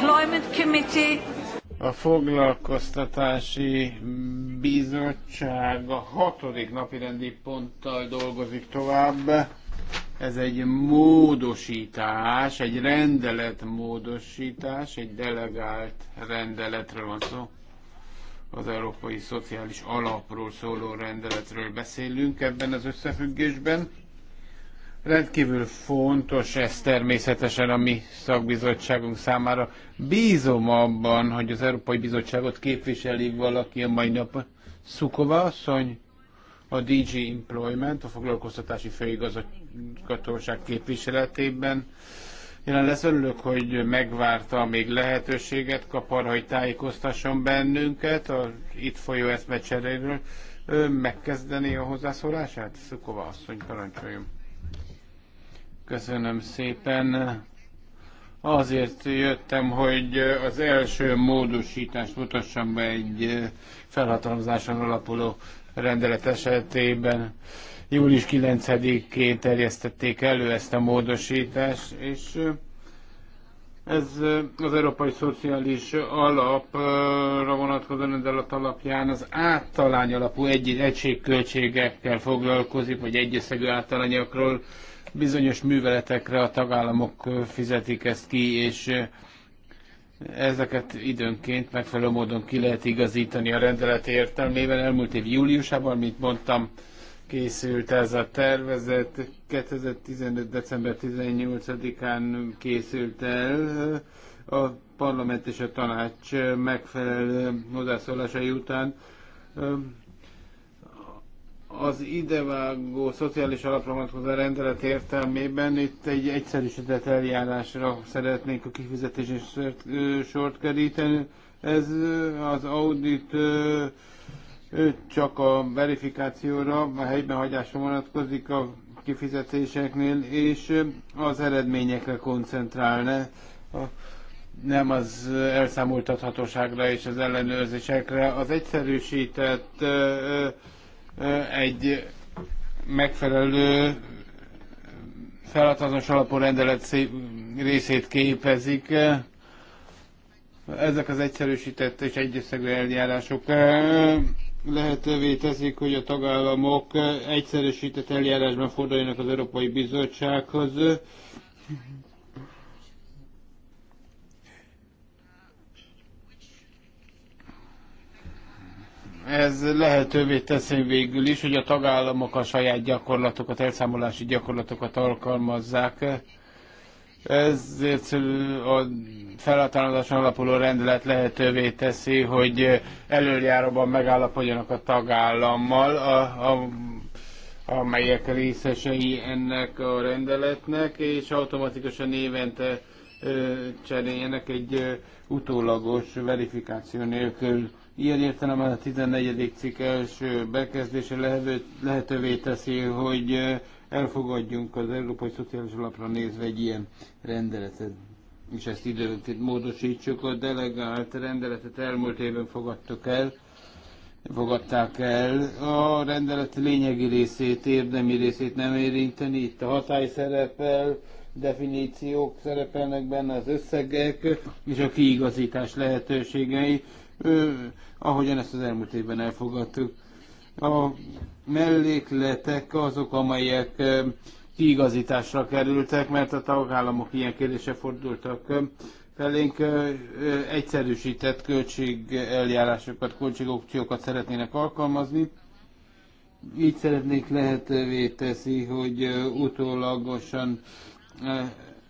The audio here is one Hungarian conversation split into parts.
Employment Committee. A foglalkoztatási bizottság a hatodik napirendi ponttal dolgozik tovább. Ez egy módosítás, egy rendelet módosítás, egy delegált rendeletről van szó. Az Európai Szociális Alapról szóló rendeletről beszélünk ebben az összefüggésben Rendkívül fontos ez természetesen a mi szakbizottságunk számára. Bízom abban, hogy az Európai Bizottságot képviseli valaki a mai nap. Szukova asszony, a DG Employment, a foglalkoztatási főigazgatóság képviseletében. Jelen lesz örülök, hogy megvárta, még lehetőséget kap arra, hogy tájékoztasson bennünket a itt folyó eszmecseréről. Ön megkezdené a hozzászólását? Szukova asszony, parancsoljon. Köszönöm szépen. Azért jöttem, hogy az első módosítást mutassam be egy felhatalmazáson alapuló rendelet esetében. Július 9-én terjesztették elő ezt a módosítást, és ez az Európai Szociális Alapra vonatkozó rendelet alapján az általány alapú egy egységköltségekkel foglalkozik, vagy egyösszegű általányokról bizonyos műveletekre a tagállamok fizetik ezt ki, és ezeket időnként megfelelő módon ki lehet igazítani a rendelet értelmében. Elmúlt év júliusában, mint mondtam, készült ez a tervezet. 2015. december 18-án készült el a parlament és a tanács megfelelő hozzászólásai után az idevágó szociális alapra vonatkozó rendelet értelmében itt egy egyszerűsített eljárásra szeretnénk a kifizetési sort, keríteni. Ez az audit csak a verifikációra, a helyben hagyásra vonatkozik a kifizetéseknél, és az eredményekre koncentrálna, nem az elszámoltathatóságra és az ellenőrzésekre. Az egyszerűsített egy megfelelő feladatos alapú rendelet részét képezik. Ezek az egyszerűsített és egyösszegű eljárások lehetővé teszik, hogy a tagállamok egyszerűsített eljárásban forduljanak az Európai Bizottsághoz Ez lehetővé teszi végül is, hogy a tagállamok a saját gyakorlatokat, elszámolási gyakorlatokat alkalmazzák. Ezért a felhatalmazáson alapuló rendelet lehetővé teszi, hogy előjáróban megállapodjanak a tagállammal, a, a, amelyek részesei ennek a rendeletnek, és automatikusan évente cseréljenek egy utólagos verifikáció nélkül Ilyen értelemben a 14. cikk első bekezdése lehetővé teszi, hogy elfogadjunk az Európai Szociális Alapra nézve egy ilyen rendeletet és ezt időnként módosítsuk. A delegált rendeletet elmúlt évben fogadtuk el, fogadták el. A rendelet lényegi részét, érdemi részét nem érinteni. Itt a hatály szerepel, definíciók szerepelnek benne, az összegek és a kiigazítás lehetőségei ahogyan ezt az elmúlt évben elfogadtuk. A mellékletek azok, amelyek kiigazításra kerültek, mert a tagállamok ilyen kérdése fordultak felénk egyszerűsített költségeljárásokat, költségopciókat szeretnének alkalmazni. Így szeretnék lehetővé teszi, hogy utólagosan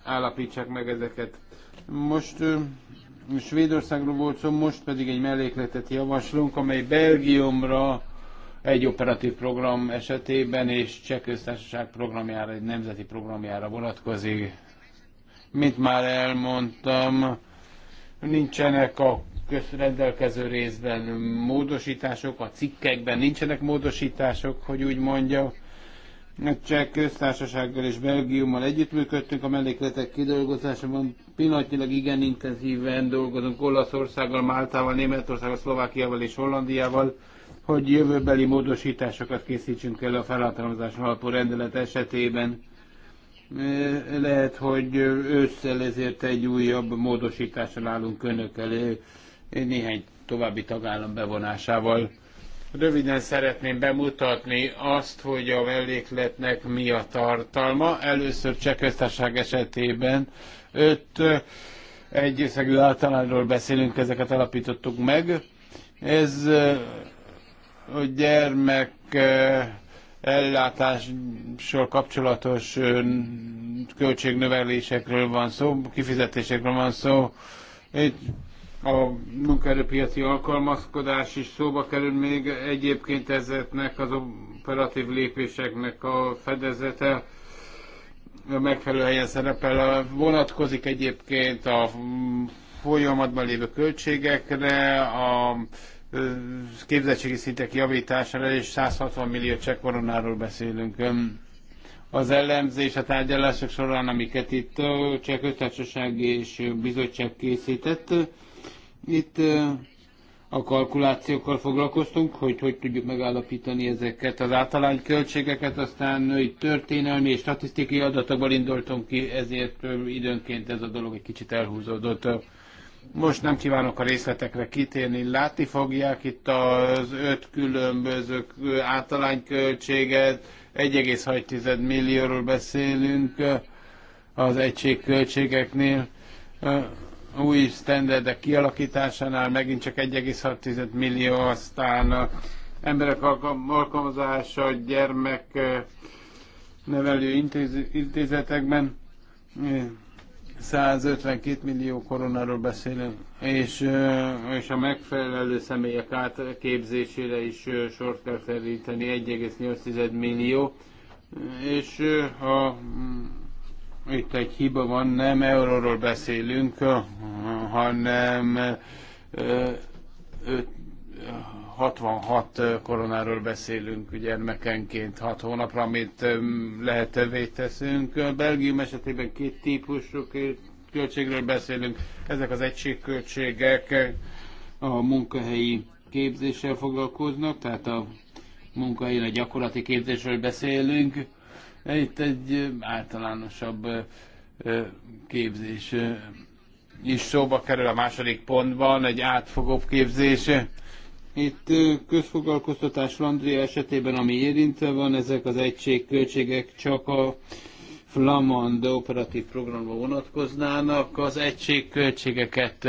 állapítsák meg ezeket. Most Svédországról volt szó, most pedig egy mellékletet javaslunk, amely Belgiumra egy operatív program esetében és Cseh köztársaság programjára, egy nemzeti programjára vonatkozik. Mint már elmondtam, nincsenek a közrendelkező részben módosítások, a cikkekben nincsenek módosítások, hogy úgy mondjam egy Cseh köztársasággal és Belgiummal együttműködtünk a mellékletek kidolgozásában. Pillanatnyilag igen intenzíven dolgozunk Olaszországgal, Máltával, Németországgal, Szlovákiával és Hollandiával, hogy jövőbeli módosításokat készítsünk el a felhatalmazás alapú rendelet esetében. E, lehet, hogy ősszel ezért egy újabb módosítással állunk önök elő, néhány további tagállam bevonásával Röviden szeretném bemutatni azt, hogy a mellékletnek mi a tartalma. Először Csehköztársaság esetében öt egyösszegű általánról beszélünk, ezeket alapítottuk meg. Ez a gyermek ellátással kapcsolatos költségnövelésekről van szó, kifizetésekről van szó. Itt a munkaerőpiaci alkalmazkodás is szóba kerül, még egyébként ezeknek az operatív lépéseknek a fedezete megfelelő helyen szerepel. Vonatkozik egyébként a folyamatban lévő költségekre, a képzettségi szintek javítására és 160 millió koronáról beszélünk. Az elemzés, a tárgyalások során, amiket itt Cseh Köztársaság és Bizottság készített, itt a kalkulációkkal foglalkoztunk, hogy hogy tudjuk megállapítani ezeket az általány költségeket, aztán itt történelmi és statisztikai adatokból indultunk ki, ezért időnként ez a dolog egy kicsit elhúzódott. Most nem kívánok a részletekre kitérni, látni fogják itt az öt különböző költséget, 1,6 millióról beszélünk az egységköltségeknél új standardek kialakításánál megint csak 1,6 millió, aztán a emberek alkalmazása gyermek nevelő intézetekben 152 millió koronáról beszélünk, és, és a megfelelő személyek átképzésére is sort kell keríteni 1,8 millió, és a itt egy hiba van, nem euróról beszélünk, hanem 66 koronáról beszélünk gyermekenként 6 hónapra, amit lehetővé teszünk. Belgium esetében két típusú költségről beszélünk. Ezek az egységköltségek a munkahelyi képzéssel foglalkoznak, tehát a munkahelyen a gyakorlati képzésről beszélünk E, itt egy általánosabb képzés is szóba kerül a második pontban, egy átfogóbb képzés. Itt közfoglalkoztatás Flandria esetében, ami érintve van, ezek az egységköltségek csak a Flamand operatív programba vonatkoznának. Az egységköltségeket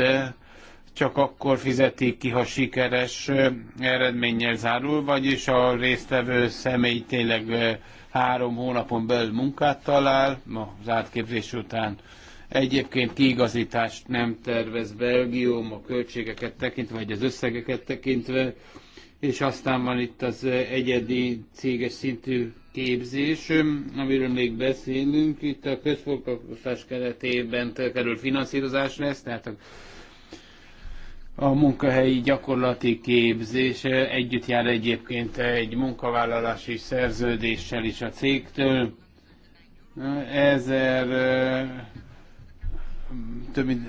csak akkor fizetik ki, ha sikeres eredménnyel zárul, vagyis a résztvevő személy tényleg három hónapon belül munkát talál, az átképzés után egyébként kiigazítást nem tervez Belgium a költségeket tekintve, vagy az összegeket tekintve, és aztán van itt az egyedi céges szintű képzés, amiről még beszélünk, itt a közfoglalkozás keretében kerül finanszírozás lesz, tehát a a munkahelyi gyakorlati képzés együtt jár egyébként egy munkavállalási szerződéssel is a cégtől. Ezer több mint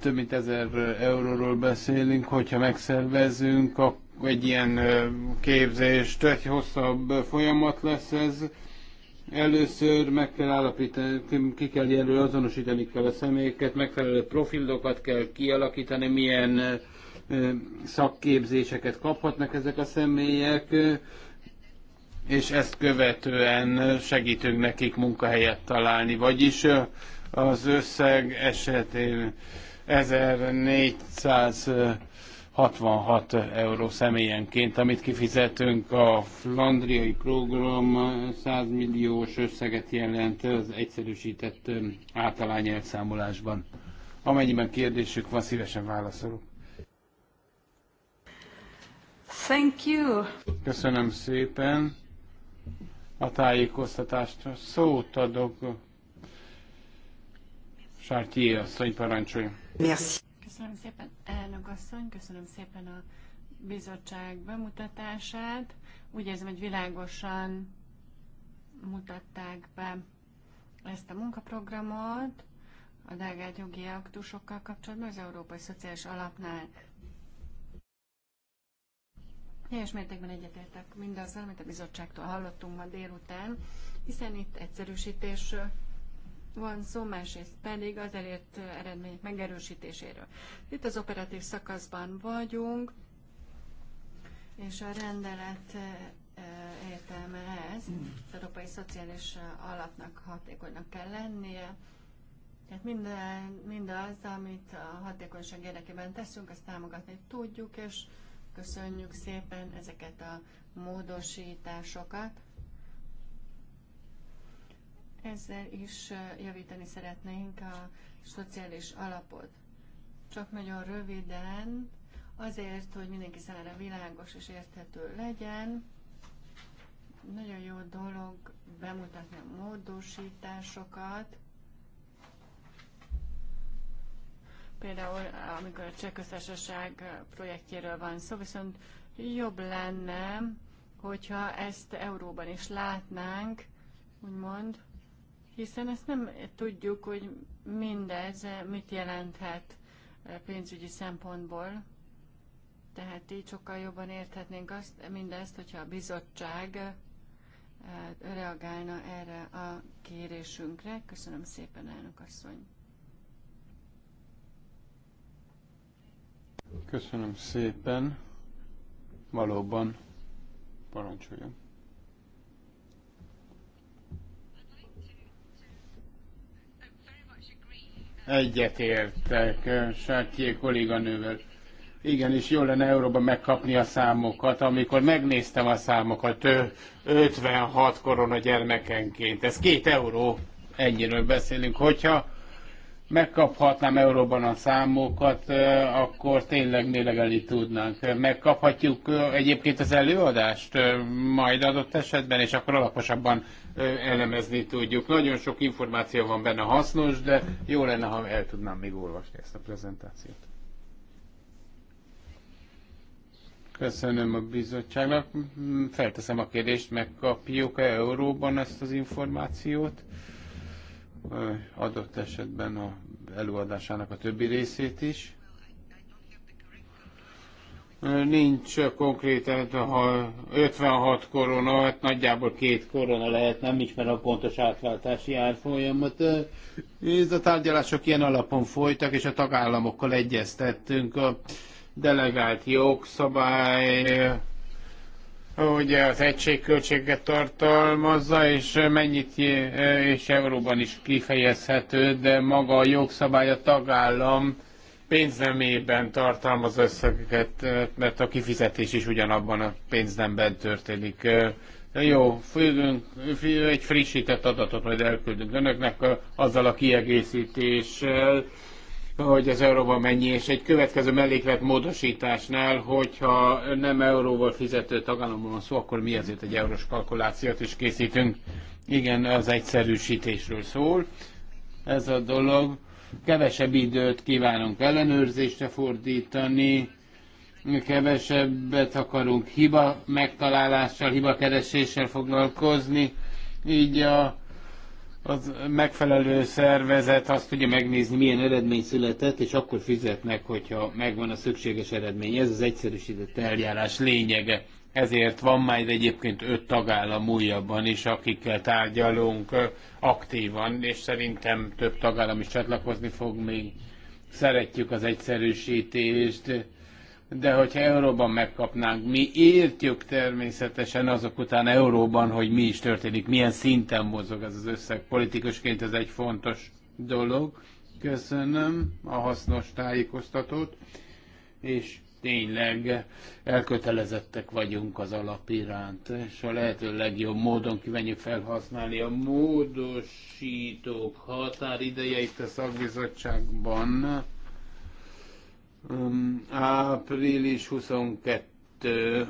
több mint ezer euróról beszélünk, hogyha megszervezünk, akkor egy ilyen képzést, egy hosszabb folyamat lesz ez. Először meg kell állapítani, ki kell jelölni, azonosítani kell a személyeket, megfelelő profilokat kell kialakítani, milyen szakképzéseket kaphatnak ezek a személyek, és ezt követően segítünk nekik munkahelyet találni. Vagyis az összeg esetén 1400 66 euró személyenként, amit kifizetünk. A flandriai program 100 milliós összeget jelent az egyszerűsített um, általány elszámolásban. Amennyiben kérdésük van, szívesen válaszolok. Thank you. Köszönöm szépen a tájékoztatást. Szót adok. Sártyé asszony parancsolja. Merci. Köszönöm szépen, elnök asszony, köszönöm szépen a bizottság bemutatását. Úgy érzem, hogy világosan mutatták be ezt a munkaprogramot a delegált jogi aktusokkal kapcsolatban az Európai Szociális Alapnál. Teljes mértékben egyetértek mindazzal, amit a bizottságtól hallottunk ma délután, hiszen itt egyszerűsítésről van szó, másrészt pedig az elért eredmények megerősítéséről. Itt az operatív szakaszban vagyunk, és a rendelet eh, eh, értelme ez, az Európai Szociális Alapnak hatékonynak kell lennie, tehát minden, mindaz, amit a hatékonyság érdekében teszünk, azt támogatni tudjuk, és köszönjük szépen ezeket a módosításokat. Ezzel is javítani szeretnénk a szociális alapot. Csak nagyon röviden, azért, hogy mindenki számára világos és érthető legyen, nagyon jó dolog bemutatni a módosításokat, például amikor a Csehköztársaság projektjéről van szó, viszont jobb lenne, hogyha ezt Euróban is látnánk, úgymond, hiszen ezt nem tudjuk, hogy mindez eh, mit jelenthet eh, pénzügyi szempontból. Tehát így sokkal jobban érthetnénk azt, mindezt, hogyha a bizottság eh, reagálna erre a kérésünkre. Köszönöm szépen, elnök asszony! Köszönöm szépen. Valóban parancsoljon. Egyetértek Sátjé kolléganővel. Igen, és jól lenne Euróban megkapni a számokat. Amikor megnéztem a számokat, 56 korona gyermekenként, ez két euró, ennyiről beszélünk. Hogyha megkaphatnám Euróban a számokat, akkor tényleg mélegelni tudnánk. Megkaphatjuk egyébként az előadást majd adott esetben, és akkor alaposabban elemezni tudjuk. Nagyon sok információ van benne hasznos, de jó lenne, ha el tudnám még olvasni ezt a prezentációt. Köszönöm a bizottságnak. Felteszem a kérdést, megkapjuk-e euróban ezt az információt? Adott esetben a előadásának a többi részét is. Nincs konkrét, hát, ha 56 korona, hát nagyjából két korona lehet, nem ismer a pontos átváltási árfolyamat. Ez a tárgyalások ilyen alapon folytak, és a tagállamokkal egyeztettünk a delegált jogszabály, hogy az egységköltséget tartalmazza, és mennyit, és euróban is kifejezhető, de maga a jogszabály a tagállam pénznemében tartalmaz összegeket, mert a kifizetés is ugyanabban a pénznemben történik. Jó, fülünk, egy frissített adatot majd elküldünk önöknek azzal a kiegészítéssel, hogy az euróban mennyi, és egy következő melléklet módosításnál, hogyha nem euróval fizető tagállamban van szó, akkor mi ezért egy eurós kalkulációt is készítünk. Igen, az egyszerűsítésről szól ez a dolog. Kevesebb időt kívánunk ellenőrzésre fordítani, kevesebbet akarunk hiba megtalálással, hiba kereséssel foglalkozni, így a az megfelelő szervezet azt tudja megnézni, milyen eredmény született, és akkor fizetnek, hogyha megvan a szükséges eredmény. Ez az egyszerűsített eljárás lényege. Ezért van már egyébként öt tagállam újabban is, akikkel tárgyalunk aktívan, és szerintem több tagállam is csatlakozni fog még. Szeretjük az egyszerűsítést, de hogyha euróban megkapnánk, mi értjük természetesen azok után euróban, hogy mi is történik, milyen szinten mozog ez az összeg. Politikusként ez egy fontos dolog. Köszönöm a hasznos tájékoztatót, és tényleg elkötelezettek vagyunk az alap iránt, és a lehető legjobb módon kívánjuk felhasználni a módosítók határidejeit a szakbizottságban. április 22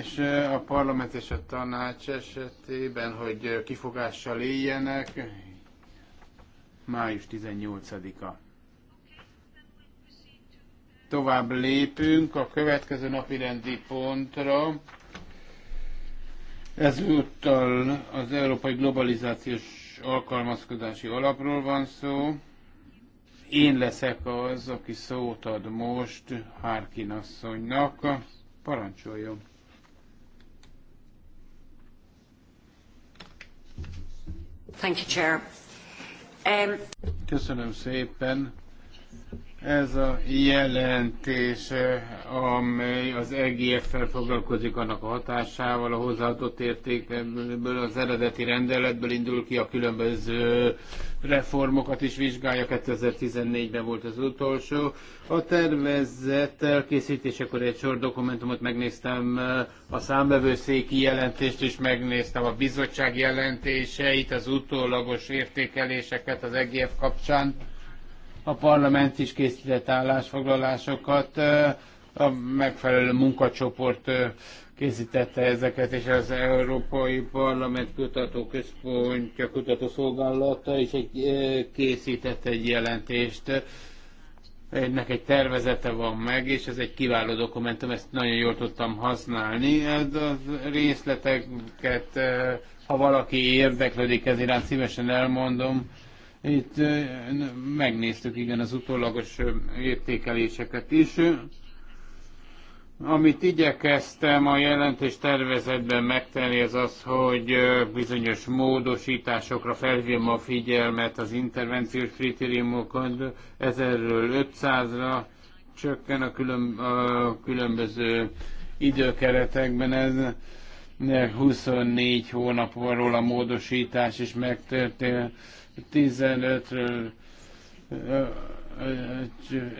és a parlament és a tanács esetében, hogy kifogással éljenek, május 18-a tovább lépünk a következő napi rendi pontra. Ezúttal az Európai Globalizációs Alkalmazkodási Alapról van szó. Én leszek az, aki szót ad most Hárkin asszonynak. Parancsoljon! Thank you, Chair. Um... Köszönöm szépen. Ez a jelentés, amely az EGF-fel foglalkozik annak a hatásával, a hozzáadott értékből, az eredeti rendeletből indul ki a különböző reformokat is vizsgálja, 2014-ben volt az utolsó. A tervezett elkészítésekor egy sor dokumentumot megnéztem, a számbevőszéki jelentést is megnéztem, a bizottság jelentéseit, az utólagos értékeléseket az EGF kapcsán a parlament is készített állásfoglalásokat, a megfelelő munkacsoport készítette ezeket, és az Európai Parlament Kutatóközpontja Kutatószolgálata is egy, készített egy jelentést. Ennek egy tervezete van meg, és ez egy kiváló dokumentum, ezt nagyon jól tudtam használni. Ez a részleteket, ha valaki érdeklődik ez iránt, szívesen elmondom itt megnéztük igen az utólagos értékeléseket is. Amit igyekeztem a jelentés tervezetben megtenni, az az, hogy bizonyos módosításokra felhívom a figyelmet, az intervenciós kritériumokon. 1500 500-ra csökken a, külön, a különböző időkeretekben. Ez 24 hónap van róla a módosítás is megtörtént 15-ről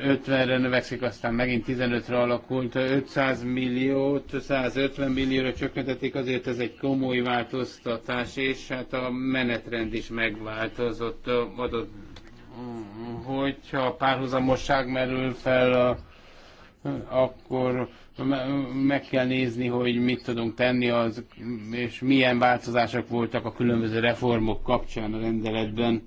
50-re növekszik, aztán megint 15-re alakult, 500 milliót, 150 millióra csökkentették, azért ez egy komoly változtatás, és hát a menetrend is megváltozott, adott, hogyha párhuzamosság merül fel, akkor meg kell nézni, hogy mit tudunk tenni, az, és milyen változások voltak a különböző reformok kapcsán a rendeletben.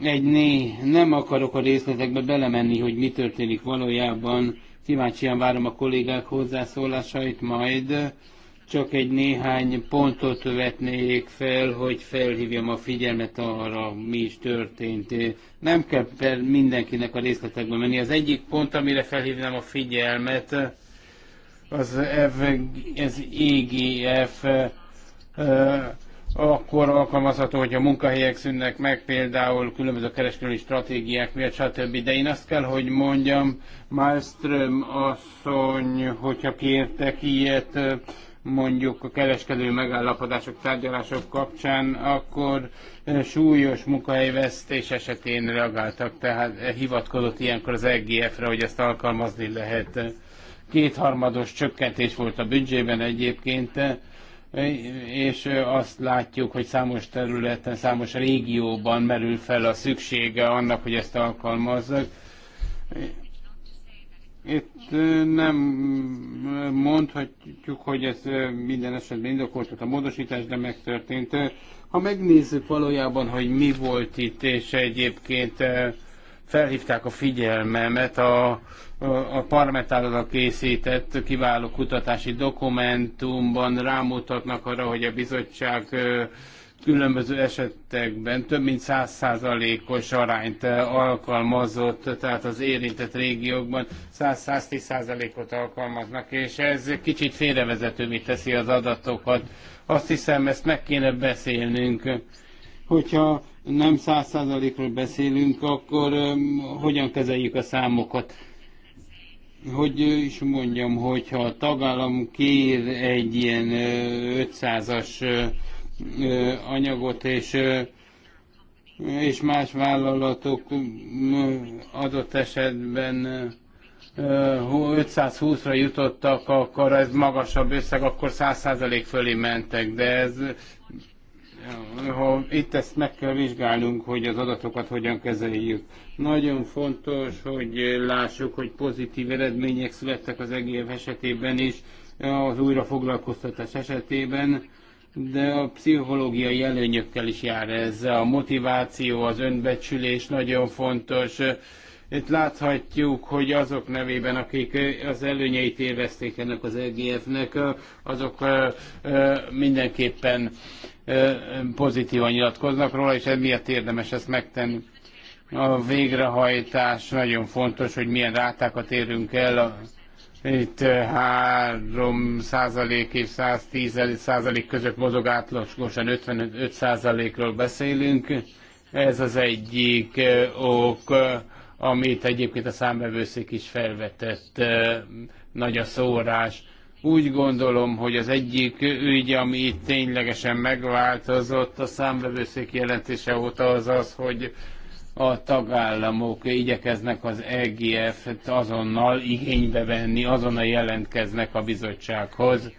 Egy né, nem akarok a részletekbe belemenni, hogy mi történik valójában. Kíváncsian várom a kollégák hozzászólásait majd csak egy néhány pontot vetnék fel, hogy felhívjam a figyelmet arra, mi is történt. Nem kell mindenkinek a részletekbe menni. Az egyik pont, amire felhívnám a figyelmet, az, F, ez EGF akkor alkalmazható, hogy a munkahelyek szűnnek meg, például különböző kereskedelmi stratégiák miatt, stb. De én azt kell, hogy mondjam, Malmström asszony, hogyha kértek ilyet, mondjuk a kereskedő megállapodások, tárgyalások kapcsán, akkor eh, súlyos munkahelyvesztés esetén reagáltak, tehát eh, hivatkozott ilyenkor az EGF-re, hogy ezt alkalmazni lehet. Kétharmados csökkentés volt a büdzsében egyébként, eh, és azt látjuk, hogy számos területen, számos régióban merül fel a szüksége annak, hogy ezt alkalmazzak itt nem mondhatjuk, hogy ez minden esetben indokoltat a módosítás, de megtörtént. Ha megnézzük valójában, hogy mi volt itt, és egyébként felhívták a figyelmemet a, a, a Parmetálra készített kiváló kutatási dokumentumban rámutatnak arra, hogy a bizottság különböző esetekben több mint 100%-os arányt eh, alkalmazott, tehát az érintett régiókban 100-110%-ot alkalmaznak, és ez kicsit félrevezetővé teszi az adatokat. Azt hiszem, ezt meg kéne beszélnünk. Hogyha nem 100%-ról beszélünk, akkor eh, hogyan kezeljük a számokat? hogy is mondjam, hogyha a tagállam kér egy ilyen 500-as eh, anyagot, és és más vállalatok adott esetben 520-ra jutottak, akkor ez magasabb összeg, akkor 100% fölé mentek, de ez ha itt ezt meg kell vizsgálnunk, hogy az adatokat hogyan kezeljük. Nagyon fontos, hogy lássuk, hogy pozitív eredmények születtek az EGF esetében is, az újrafoglalkoztatás esetében de a pszichológiai előnyökkel is jár ez. A motiváció, az önbecsülés nagyon fontos. Itt láthatjuk, hogy azok nevében, akik az előnyeit érezték ennek az EGF-nek, azok mindenképpen pozitívan nyilatkoznak róla, és emiatt érdemes ezt megtenni. A végrehajtás nagyon fontos, hogy milyen rátákat érünk el itt 3 eh, százalék és 110 százalék között mozog átlagosan 55 százalékról beszélünk. Ez az egyik eh, ok, eh, amit egyébként a számbevőszék is felvetett, nagy a szórás. Úgy gondolom, hogy az egyik ügy, ami ténylegesen megváltozott a számbevőszék jelentése óta az az, hogy a tagállamok igyekeznek az EGF-t azonnal igénybe venni, azonnal jelentkeznek a bizottsághoz.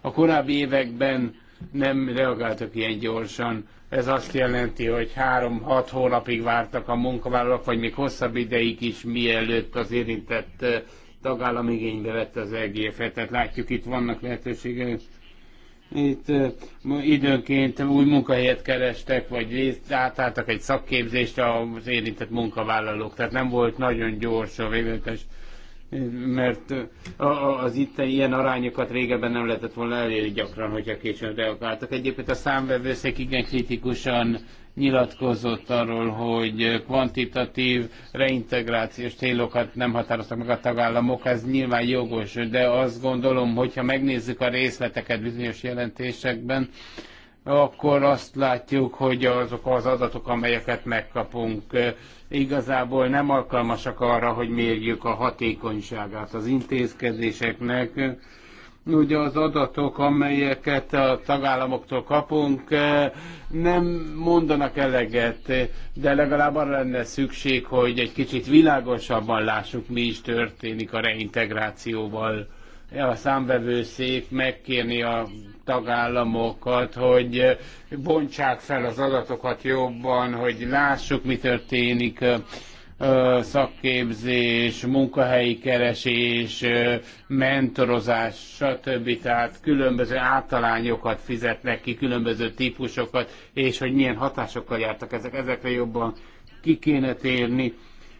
A korábbi években nem reagáltak ilyen gyorsan. Ez azt jelenti, hogy három-hat hónapig vártak a munkavállalók, vagy még hosszabb ideig is, mielőtt az érintett tagállam igénybe vette az EGF-et. Tehát látjuk, itt vannak lehetőségek itt időnként új munkahelyet kerestek, vagy átálltak egy szakképzést az érintett munkavállalók, tehát nem volt nagyon gyors a végletes mert az itt ilyen arányokat régebben nem lehetett volna elérni gyakran, hogyha későn reagáltak. Egyébként a számvevőszék igen kritikusan nyilatkozott arról, hogy kvantitatív reintegrációs célokat nem határoztak meg a tagállamok, ez nyilván jogos, de azt gondolom, hogyha megnézzük a részleteket bizonyos jelentésekben, akkor azt látjuk, hogy azok az adatok, amelyeket megkapunk, igazából nem alkalmasak arra, hogy mérjük a hatékonyságát az intézkedéseknek. Ugye az adatok, amelyeket a tagállamoktól kapunk, nem mondanak eleget, de legalább arra lenne szükség, hogy egy kicsit világosabban lássuk, mi is történik a reintegrációval a számvevőszék megkérni a tagállamokat, hogy bontsák fel az adatokat jobban, hogy lássuk, mi történik szakképzés, munkahelyi keresés, mentorozás, stb. Tehát különböző általányokat fizetnek ki, különböző típusokat, és hogy milyen hatásokkal jártak ezek, ezekre jobban ki kéne térni.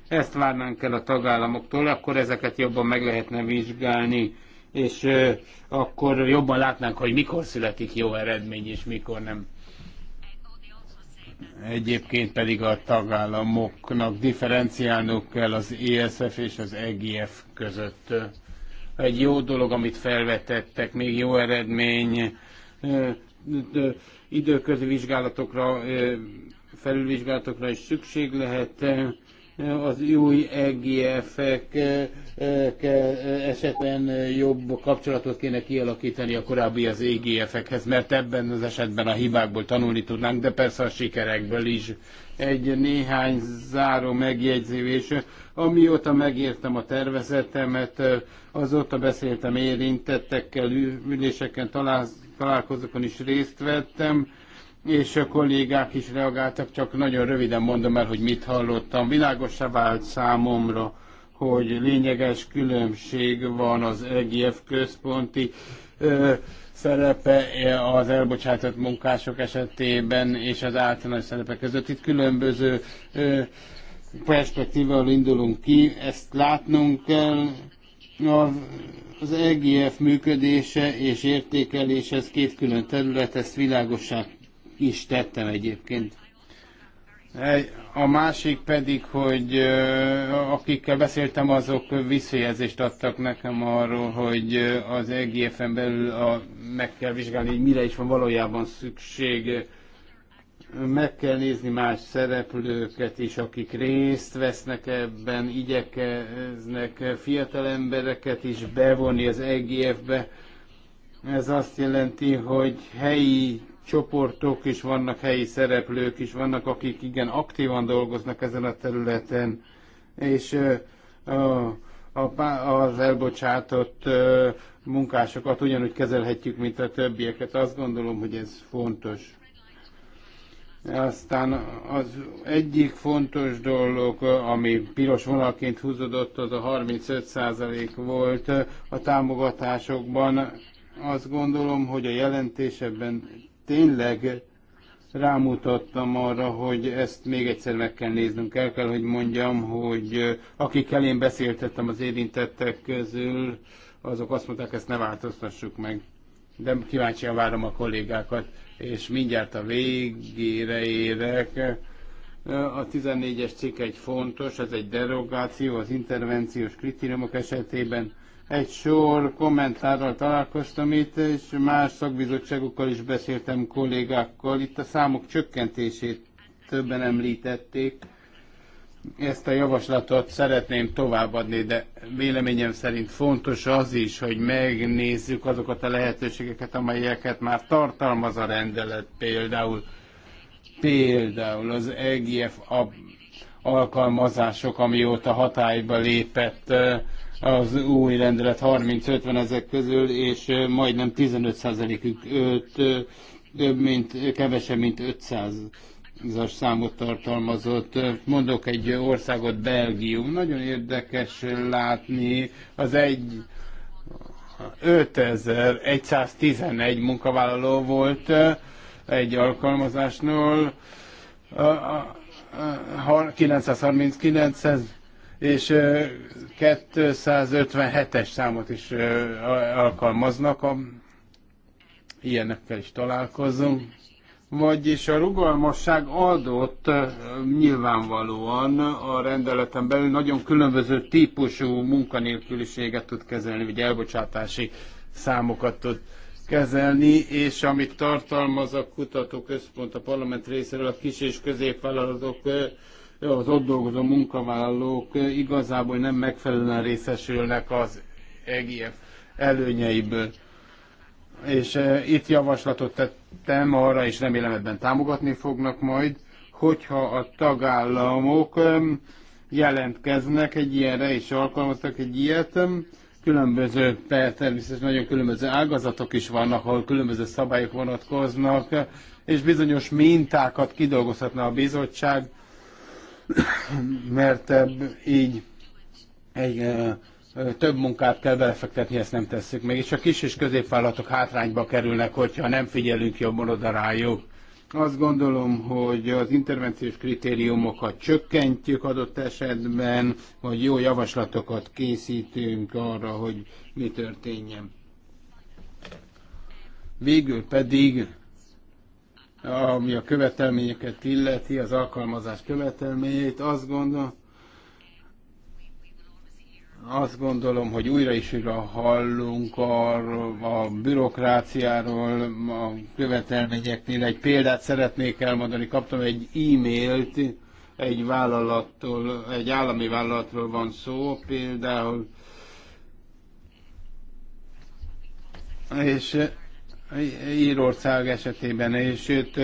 Ezt várnánk el a tagállamoktól, akkor ezeket jobban meg lehetne vizsgálni és akkor jobban látnánk, hogy mikor születik jó eredmény, és mikor nem. Egyébként pedig a tagállamoknak differenciálnunk kell az ESF és az EGF között. Egy jó dolog, amit felvetettek, még jó eredmény, időközi vizsgálatokra, felülvizsgálatokra is szükség lehet, az új EGF-ek e, e, e, esetben jobb kapcsolatot kéne kialakítani a korábbi az EGF-ekhez, mert ebben az esetben a hibákból tanulni tudnánk, de persze a sikerekből is. Egy néhány záró megjegyzés. Amióta megértem a tervezetemet, azóta beszéltem érintettekkel, üléseken, találkozókon is részt vettem, és a kollégák is reagáltak, csak nagyon röviden mondom el, hogy mit hallottam. Világosra vált számomra, hogy lényeges különbség van az EGF központi ö, szerepe az elbocsátott munkások esetében és az általános szerepe között. Itt különböző ö, perspektívával indulunk ki, ezt látnunk kell. A, az EGF működése és értékelése, ez két külön terület, ezt világosá is tettem egyébként. A másik pedig, hogy akikkel beszéltem, azok visszajelzést adtak nekem arról, hogy az EGF-en belül a, meg kell vizsgálni, hogy mire is van valójában szükség. Meg kell nézni más szereplőket is, akik részt vesznek ebben, igyekeznek fiatal embereket is bevonni az EGF-be. Ez azt jelenti, hogy helyi csoportok is vannak, helyi szereplők is vannak, akik igen aktívan dolgoznak ezen a területen, és a, a, az elbocsátott munkásokat ugyanúgy kezelhetjük, mint a többieket. Azt gondolom, hogy ez fontos. Aztán az egyik fontos dolog, ami piros vonalként húzódott, az a 35% volt a támogatásokban. Azt gondolom, hogy a jelentés ebben tényleg rámutattam arra, hogy ezt még egyszer meg kell néznünk. El kell, hogy mondjam, hogy akikkel én beszéltettem az érintettek közül, azok azt mondták, ezt ne változtassuk meg. De kíváncsian várom a kollégákat, és mindjárt a végére érek. A 14-es cikk egy fontos, ez egy derogáció az intervenciós kritériumok esetében egy sor kommentárral találkoztam itt, és más szakbizottságokkal is beszéltem kollégákkal. Itt a számok csökkentését többen említették. Ezt a javaslatot szeretném továbbadni, de véleményem szerint fontos az is, hogy megnézzük azokat a lehetőségeket, amelyeket már tartalmaz a rendelet, például, például az EGF alkalmazások, amióta hatályba lépett, az új rendelet 30-50 ezek közül, és majdnem 15%-ük mint, kevesebb, mint 500 as számot tartalmazott. Mondok egy országot, Belgium. Nagyon érdekes látni az egy 5111 munkavállaló volt egy alkalmazásnál, 939 és 257-es számot is alkalmaznak, a, ilyenekkel is találkozunk. Vagyis a rugalmasság adott nyilvánvalóan a rendeleten belül nagyon különböző típusú munkanélküliséget tud kezelni, vagy elbocsátási számokat tud kezelni, és amit tartalmaz a kutatóközpont a parlament részéről a kis és középvállalatok az ott dolgozó munkavállalók igazából nem megfelelően részesülnek az EGF előnyeiből. És e, itt javaslatot tettem arra, és remélem ebben támogatni fognak majd, hogyha a tagállamok e, jelentkeznek egy ilyenre, és alkalmaztak egy ilyet, e, különböző, természetesen nagyon különböző ágazatok is vannak, ahol különböző szabályok vonatkoznak, és bizonyos mintákat kidolgozhatna a bizottság, mert így egy, több munkát kell belefektetni, ezt nem tesszük meg. És a kis és középvállalatok hátrányba kerülnek, hogyha nem figyelünk jobban oda rájuk. Azt gondolom, hogy az intervenciós kritériumokat csökkentjük adott esetben, vagy jó javaslatokat készítünk arra, hogy mi történjen. Végül pedig ami a követelményeket illeti, az alkalmazás követelményeit, azt gondolom, azt gondolom, hogy újra is újra hallunk a, a bürokráciáról, a követelményeknél. Egy példát szeretnék elmondani. Kaptam egy e-mailt egy vállalattól, egy állami vállalatról van szó, például és Írország esetében, és őt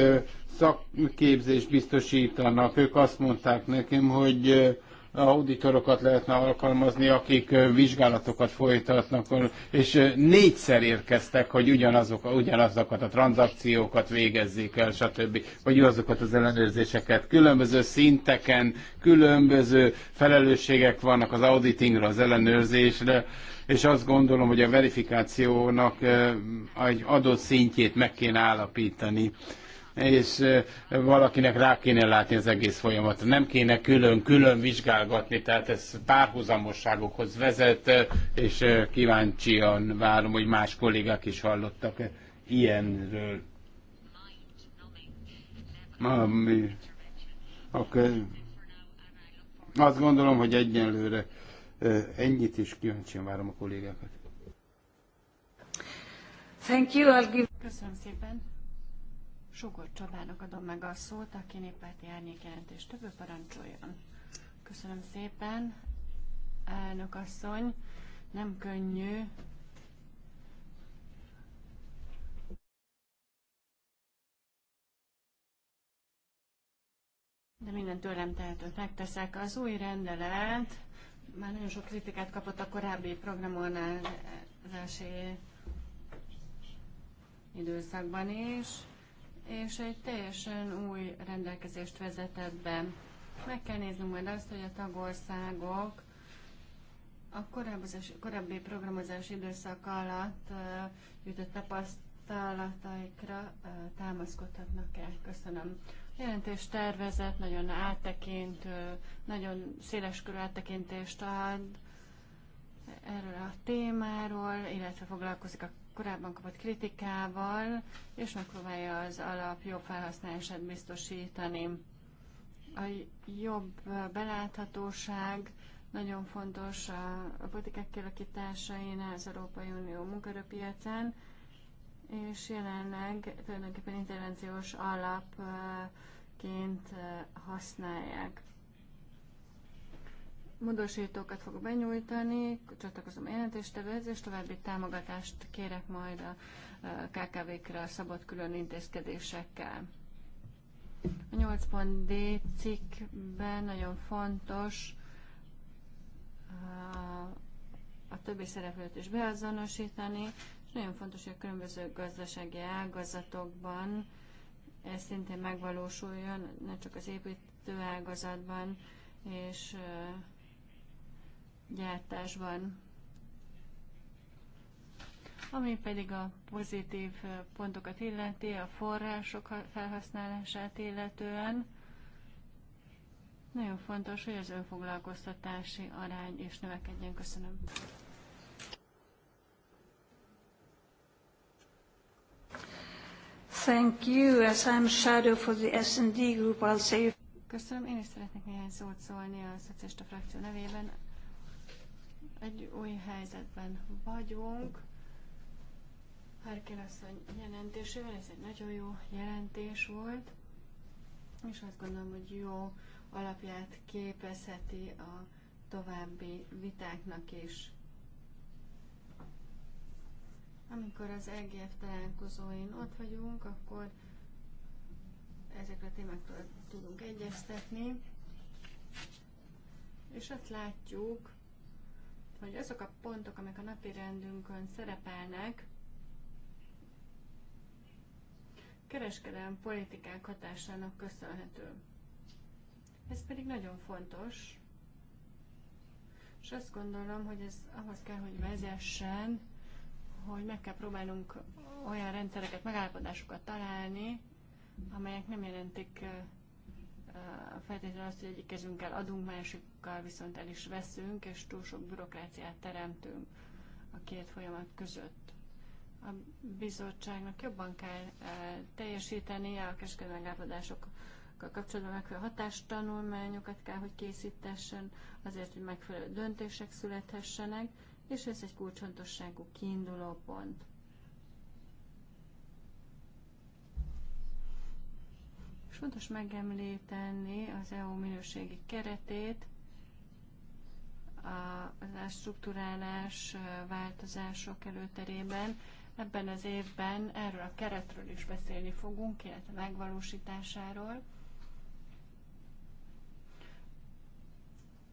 szakképzést biztosítanak. Ők azt mondták nekem, hogy auditorokat lehetne alkalmazni, akik vizsgálatokat folytatnak, és négyszer érkeztek, hogy ugyanazok, ugyanazokat a tranzakciókat végezzék el, stb. Vagy azokat az ellenőrzéseket. Különböző szinteken, különböző felelősségek vannak az auditingra, az ellenőrzésre, és azt gondolom, hogy a verifikációnak egy adott szintjét meg kéne állapítani és valakinek rá kéne látni az egész folyamatot Nem kéne külön-külön vizsgálgatni, tehát ez párhuzamosságokhoz vezet, és kíváncsian várom, hogy más kollégák is hallottak -e ilyenről. Ami, okay. Azt gondolom, hogy egyenlőre ennyit is kíváncsian várom a kollégákat. Thank you, I'll give... Köszönöm szépen. Sogor Csabának adom meg a szót, aki néppárti árnyék jelentés többő parancsoljon. Köszönöm szépen, elnök asszony. Nem könnyű de minden tőlem tehetőt megteszek. Az új rendelet már nagyon sok kritikát kapott a korábbi programonálási időszakban is és egy teljesen új rendelkezést vezetett be. Meg kell néznünk majd azt, hogy a tagországok a korábbi programozási időszak alatt jutott tapasztalataikra támaszkodhatnak-e. Köszönöm. A jelentés tervezet nagyon áttekintő, nagyon széleskörű áttekintést ad erről a témáról, illetve foglalkozik a korábban kapott kritikával, és megpróbálja az alap jobb felhasználását biztosítani. A jobb beláthatóság nagyon fontos a politikák kialakításainál az Európai Unió munkaerőpiacán, és jelenleg tulajdonképpen intervenciós alapként eh, használják. Módosítókat fogok benyújtani, csatlakozom a jelentéstevőhez, és további támogatást kérek majd a kkv a szabott külön intézkedésekkel. A 8.d cikkben nagyon fontos a többi szereplőt is beazonosítani, és nagyon fontos, hogy a különböző gazdasági ágazatokban ez szintén megvalósuljon, ne csak az építő ágazatban, és gyártásban. Ami pedig a pozitív pontokat illeti, a források felhasználását illetően, nagyon fontos, hogy az önfoglalkoztatási arány is növekedjen. Köszönöm. Thank you. As I'm shadow for the S&D group, I'll say... Köszönöm. Én is szeretnék néhány szót szólni a szocialista frakció nevében. Egy új helyzetben vagyunk. Harkin asszony jelentésével, ez egy nagyon jó jelentés volt, és azt gondolom, hogy jó alapját képezheti a további vitáknak is. Amikor az EGF találkozóin ott vagyunk, akkor ezekre a témákról tudunk egyeztetni, és azt látjuk, hogy azok a pontok, amik a napi rendünkön szerepelnek, kereskedelmi politikák hatásának köszönhető. Ez pedig nagyon fontos, és azt gondolom, hogy ez ahhoz kell, hogy vezessen, hogy meg kell próbálnunk olyan rendszereket, megállapodásokat találni, amelyek nem jelentik feltétlenül azt, hogy egyik kezünkkel adunk, másikkal viszont el is veszünk, és túl sok bürokráciát teremtünk a két folyamat között. A bizottságnak jobban kell e, teljesítenie a kereskedelmi megállapodásokkal kapcsolatban megfelelő hatástanulmányokat kell, hogy készítessen, azért, hogy megfelelő döntések születhessenek, és ez egy kulcsfontosságú kiinduló pont. És fontos megemlíteni az EU minőségi keretét, az ástruktúrálás változások előterében. Ebben az évben erről a keretről is beszélni fogunk, illetve megvalósításáról.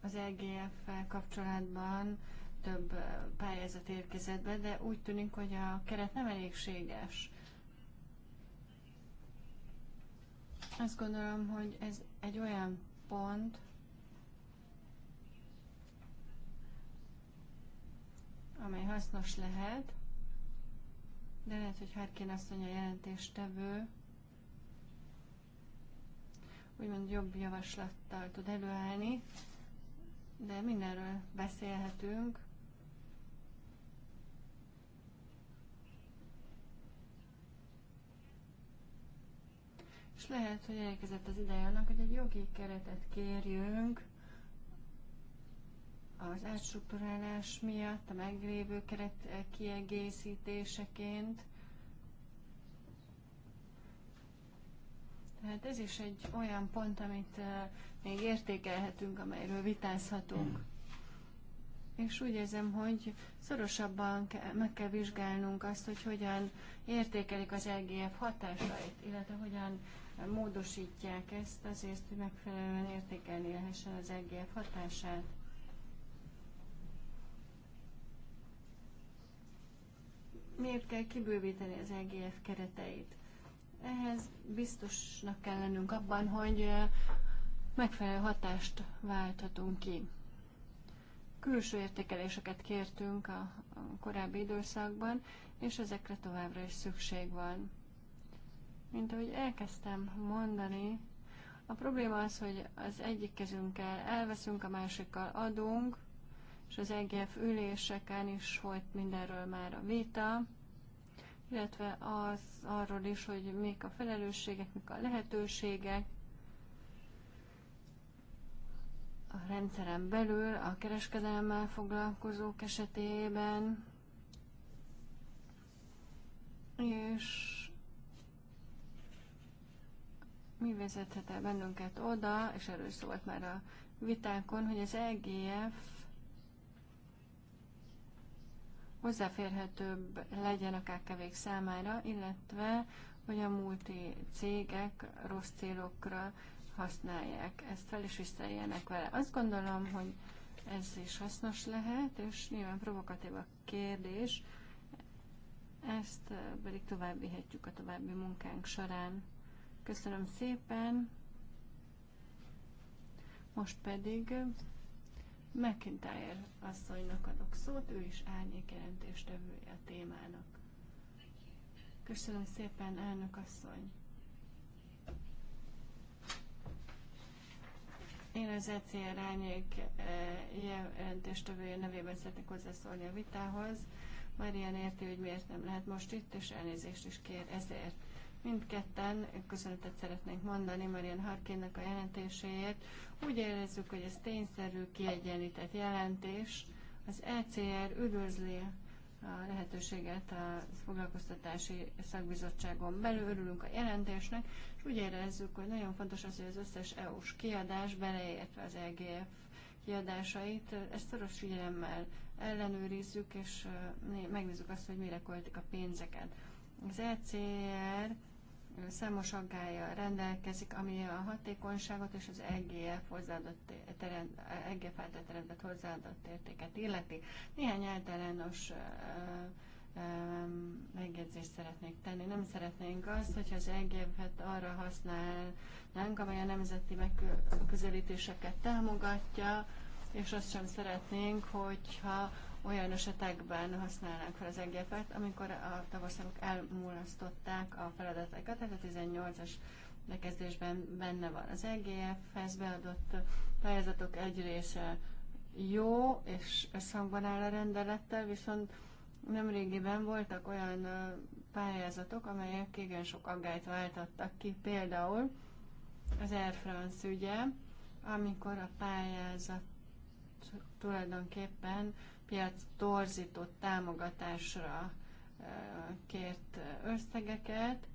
Az EGF-fel kapcsolatban több pályázat érkezett be, de úgy tűnik, hogy a keret nem elégséges. Azt gondolom, hogy ez egy olyan pont, amely hasznos lehet, de lehet, hogy Harkin asszony a jelentéstevő úgymond jobb javaslattal tud előállni, de mindenről beszélhetünk, és lehet, hogy elkezdett az ideje annak, hogy egy jogi keretet kérjünk az átstruktúrálás miatt, a meglévő keret eh, kiegészítéseként. Tehát ez is egy olyan pont, amit eh, még értékelhetünk, amelyről vitázhatunk. És úgy érzem, hogy szorosabban meg kell vizsgálnunk azt, hogy hogyan értékelik az LGF e hatásait, illetve hogyan módosítják ezt azért, hogy megfelelően értékelni lehessen az EGF hatását. Miért kell kibővíteni az EGF kereteit? Ehhez biztosnak kell lennünk abban, hogy megfelelő hatást válthatunk ki. Külső értékeléseket kértünk a, korábbi időszakban, és ezekre továbbra is szükség van. Mint ahogy elkezdtem mondani, a probléma az, hogy az egyik kezünkkel elveszünk, a másikkal adunk, és az EGF üléseken is volt mindenről már a vita, illetve az arról is, hogy mik a felelősségek, mik a lehetőségek, a rendszeren belül, a kereskedelemmel foglalkozók esetében, és mi vezethet el bennünket oda, és erről is szólt már a vitákon, hogy az EGF hozzáférhetőbb legyen a kkv számára, illetve hogy a multi cégek rossz célokra használják ezt fel, és visszaéljenek vele. Azt gondolom, hogy ez is hasznos lehet, és nyilván provokatív a kérdés, ezt eh, pedig tovább vihetjük a további munkánk során. Köszönöm szépen. Most pedig McIntyre asszonynak adok szót, ő is árnyék jelentéstevője a témának. Köszönöm szépen, elnök asszony. Én az ECR árnyék eh, jelentéstevője nevében szeretnék hozzászólni a vitához. Marian érti, hogy miért nem lehet most itt, és elnézést is kér ezért. Mindketten köszönetet szeretnénk mondani Marian Harkinnak a jelentéséért. Úgy érezzük, hogy ez tényszerű, kiegyenlített jelentés. Az ECR üdvözli a lehetőséget a foglalkoztatási szakbizottságon belül, örülünk a jelentésnek, és úgy érezzük, hogy nagyon fontos az, hogy az összes EU-s kiadás, beleértve az EGF kiadásait, ezt szoros figyelemmel ellenőrizzük, és megnézzük azt, hogy mire költik a pénzeket. Az ECR számos aggája rendelkezik, ami a hatékonyságot és az EGF hozzáadott EGF e által hozzáadott értéket illeti. Néhány általános megjegyzést szeretnék tenni. Nem szeretnénk azt, hogyha az EGF-et arra használnánk, amely a nemzeti megközelítéseket támogatja, és azt sem szeretnénk, hogyha olyan esetekben használnánk fel az egf amikor a tavaszok elmulasztották a feladatokat, tehát a 18-as bekezdésben benne van az EGF-hez beadott pályázatok egy része jó, és összhangban áll a rendelettel, viszont nemrégiben voltak olyan pályázatok, amelyek igen sok aggályt váltattak ki, például az Air France ügye, amikor a pályázat tulajdonképpen piac torzított támogatásra kért összegeket,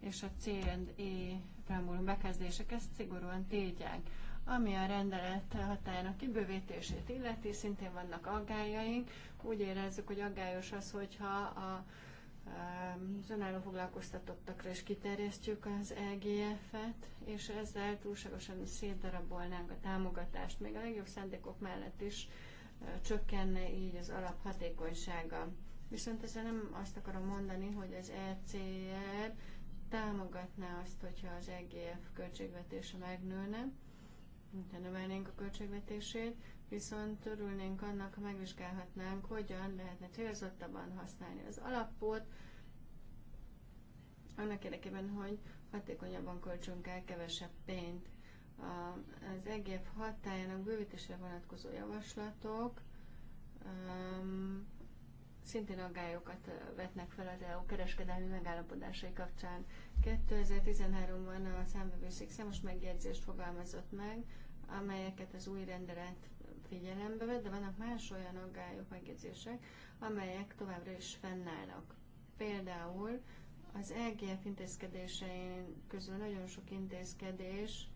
és a C&E felmúló bekezdések ezt szigorúan tiltják. Ami a rendelet hatájának kibővítését illeti, szintén vannak aggájaink. Úgy érezzük, hogy aggályos az, hogyha a az önálló foglalkoztatottakra is kiterjesztjük az EGF-et, és ezzel túlságosan szétdarabolnánk a támogatást, még a legjobb szándékok mellett is csökkenne így az alap hatékonysága. Viszont ezzel nem azt akarom mondani, hogy az ECR támogatná azt, hogyha az EGF költségvetése megnőne, hogyha növelnénk a költségvetését, viszont örülnénk annak, ha megvizsgálhatnánk, hogyan lehetne célzottabban használni az alapot, annak érdekében, hogy hatékonyabban költsünk el kevesebb pénzt az EGF hatájának bővítésre vonatkozó javaslatok um, szintén aggályokat uh, vetnek fel az EU kereskedelmi megállapodásai kapcsán. 2013-ban a számbevőszék számos megjegyzést fogalmazott meg, amelyeket az új rendelet figyelembe vett, de vannak más olyan aggályok, megjegyzések, amelyek továbbra is fennállnak. Például az EGF intézkedésein közül nagyon sok intézkedés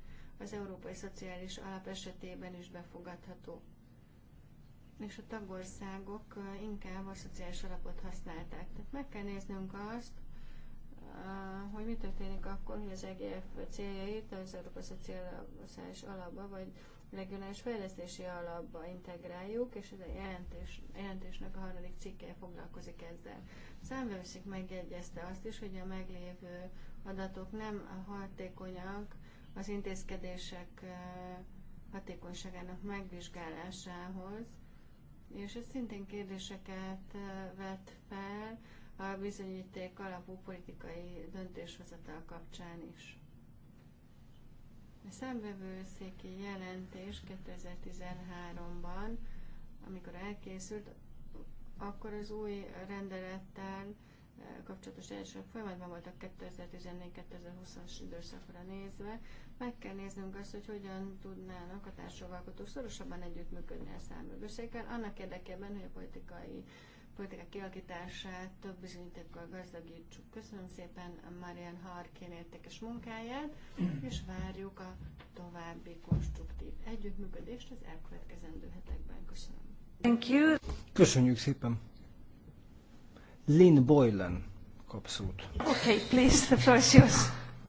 az Európai Szociális Alap esetében is befogadható. És a tagországok inkább a szociális alapot használták. Tehát meg kell néznünk azt, hogy mi történik akkor, hogy az EGF céljait az Európai Szociális Alapba vagy regionális fejlesztési alapba integráljuk, és ez a jelentés, jelentésnek a harmadik cikke foglalkozik ezzel. Számvevőszik megjegyezte azt is, hogy a meglévő adatok nem hatékonyak az intézkedések hatékonyságának megvizsgálásához, és ez szintén kérdéseket vet fel a bizonyíték alapú politikai döntéshozatal kapcsán is. A számvevőszéki jelentés 2013-ban, amikor elkészült, akkor az új rendelettel kapcsolatos első folyamatban voltak 2014-2020-as időszakra nézve. Meg kell néznünk azt, hogy hogyan tudnának a társadalmalkotók szorosabban együttműködni a számövőszékkel, annak érdekében, hogy a politikai politikák kialakítását több bizonyítékkal gazdagítsuk. Köszönöm szépen a Marian Harkin értékes munkáját, és várjuk a további konstruktív együttműködést az elkövetkezendő hetekben. Köszönöm. Thank you. Köszönjük szépen. Lynn Boylan kap szót. Okay, please, the floor is yours.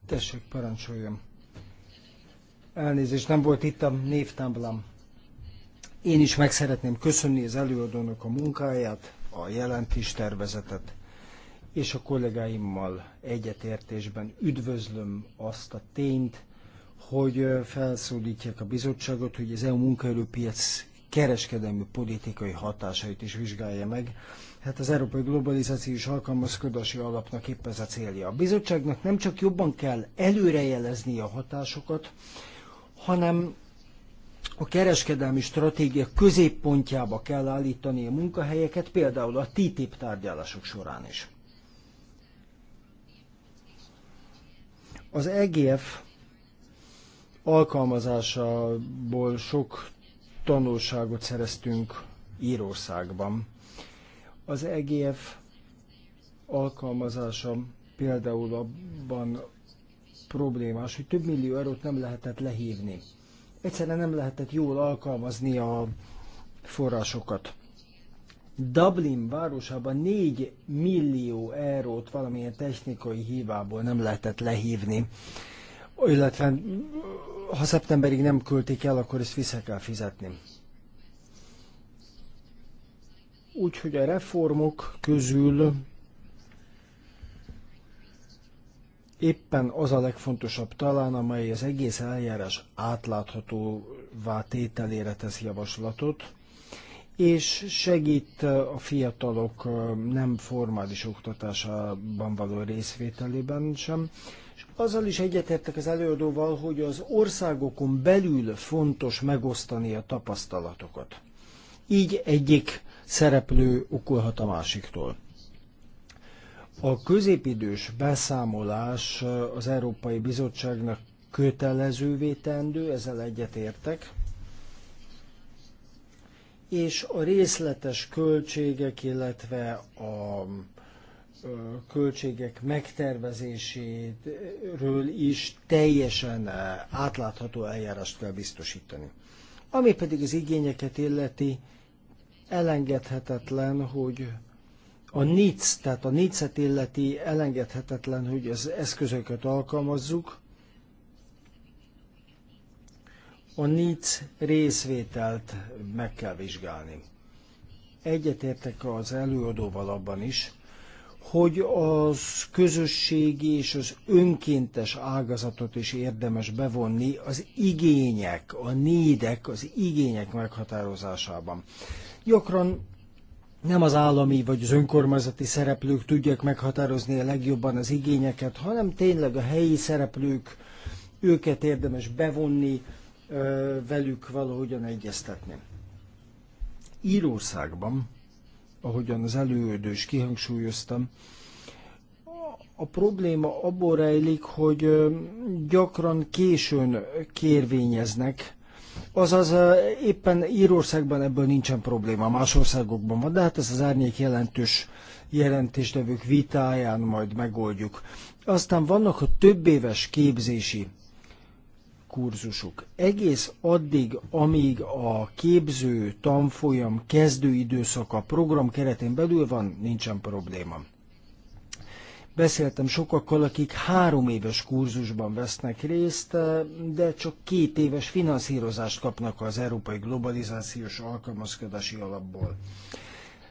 Tessék, parancsoljam. Elnézést, nem volt itt a névtáblám. Én is meg szeretném köszönni az előadónak a munkáját, a jelentéstervezetet, és a kollégáimmal egyetértésben üdvözlöm azt a tényt, hogy felszólítják a bizottságot, hogy az EU munkaerőpiac kereskedelmi politikai hatásait is vizsgálja meg, Hát az Európai Globalizációs Alkalmazkodási Alapnak épp ez a célja. A bizottságnak nem csak jobban kell előrejelezni a hatásokat, hanem a kereskedelmi stratégia középpontjába kell állítani a munkahelyeket, például a TTIP tárgyalások során is. Az EGF alkalmazásából sok tanulságot szereztünk Írországban. Az EGF alkalmazása például abban problémás, hogy több millió erőt nem lehetett lehívni. Egyszerűen nem lehetett jól alkalmazni a forrásokat. Dublin városában 4 millió eurót valamilyen technikai hívából nem lehetett lehívni, illetve ha szeptemberig nem küldték el, akkor ezt vissza kell fizetni. Úgyhogy a reformok közül éppen az a legfontosabb talán, amely az egész eljárás átláthatóvá tételére tesz javaslatot, és segít a fiatalok nem formális oktatásában való részvételében sem. És azzal is egyetértek az előadóval, hogy az országokon belül fontos megosztani a tapasztalatokat. Így egyik szereplő okolhat a másiktól. A középidős beszámolás az Európai Bizottságnak kötelezővé tendő, ezzel egyetértek, és a részletes költségek, illetve a költségek megtervezéséről is teljesen átlátható eljárást kell biztosítani. Ami pedig az igényeket illeti, elengedhetetlen, hogy a NICS, tehát a NIC-et illeti elengedhetetlen, hogy az eszközöket alkalmazzuk. A NICS részvételt meg kell vizsgálni. Egyetértek az előadóval abban is, hogy az közösségi és az önkéntes ágazatot is érdemes bevonni az igények, a nédek, az igények meghatározásában. Gyakran nem az állami vagy az önkormányzati szereplők tudják meghatározni a legjobban az igényeket, hanem tényleg a helyi szereplők, őket érdemes bevonni, velük valahogyan egyeztetni. Írországban, ahogyan az előadő kihangsúlyoztam, a probléma abból rejlik, hogy gyakran későn kérvényeznek, Azaz éppen Írországban ebből nincsen probléma, más országokban van, de hát ez az árnyék jelentős jelentéstevők vitáján majd megoldjuk. Aztán vannak a több éves képzési kurzusok. Egész addig, amíg a képző tanfolyam kezdő időszaka program keretén belül van, nincsen probléma. Beszéltem sokakkal, akik három éves kurzusban vesznek részt, eh, de csak két éves finanszírozást kapnak az Európai Globalizációs Alkalmazkodási Alapból.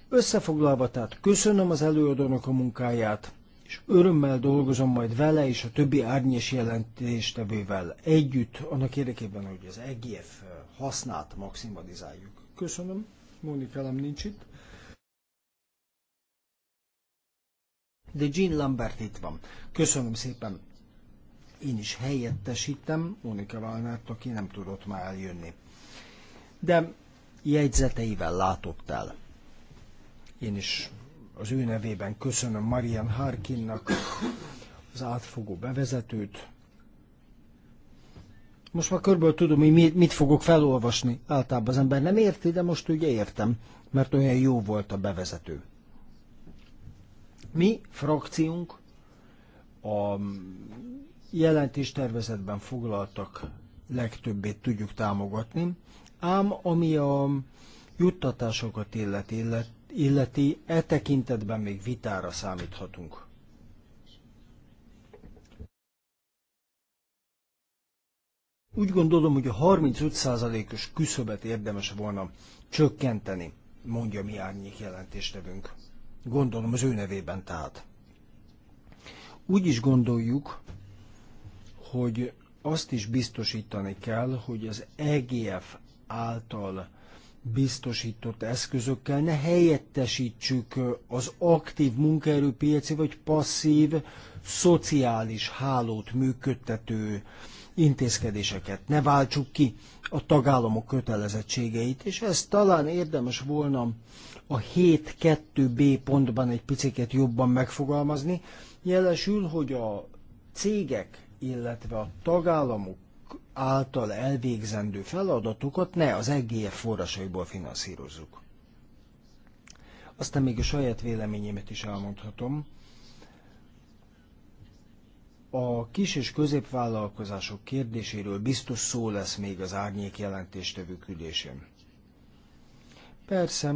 Összefoglalva tehát köszönöm az előadónak a munkáját, és örömmel dolgozom majd vele és a többi árnyés jelentéstevővel együtt, annak érdekében, hogy az EGF eh, hasznát maximalizáljuk. Köszönöm, Mónika nem nincs itt. de Jean Lambert itt van. Köszönöm szépen. Én is helyettesítem Monika Valnárt, aki nem tudott már eljönni. De jegyzeteivel látott el. Én is az ő nevében köszönöm Marian Harkinnak az átfogó bevezetőt. Most már körből tudom, hogy mit, mit fogok felolvasni. Általában az ember nem érti, de most ugye értem, mert olyan jó volt a bevezető. Mi, frakciunk a jelentéstervezetben foglaltak legtöbbét tudjuk támogatni, ám ami a juttatásokat illeti, illeti e tekintetben még vitára számíthatunk. Úgy gondolom, hogy a 35%-os küszöbet érdemes volna csökkenteni, mondja mi árnyék jelentéstevünk. Gondolom az ő nevében tehát. Úgy is gondoljuk, hogy azt is biztosítani kell, hogy az EGF által biztosított eszközökkel ne helyettesítsük az aktív munkaerőpiaci vagy passzív szociális hálót működtető intézkedéseket. Ne váltsuk ki a tagállamok kötelezettségeit, és ez talán érdemes volna a 7.2b pontban egy picit jobban megfogalmazni, jelesül, hogy a cégek, illetve a tagállamok által elvégzendő feladatokat ne az EGF forrásaiból finanszírozzuk. Aztán még a saját véleményemet is elmondhatom. A kis és középvállalkozások kérdéséről biztos szó lesz még az árnyék jelentéstevő küldésén. Persze,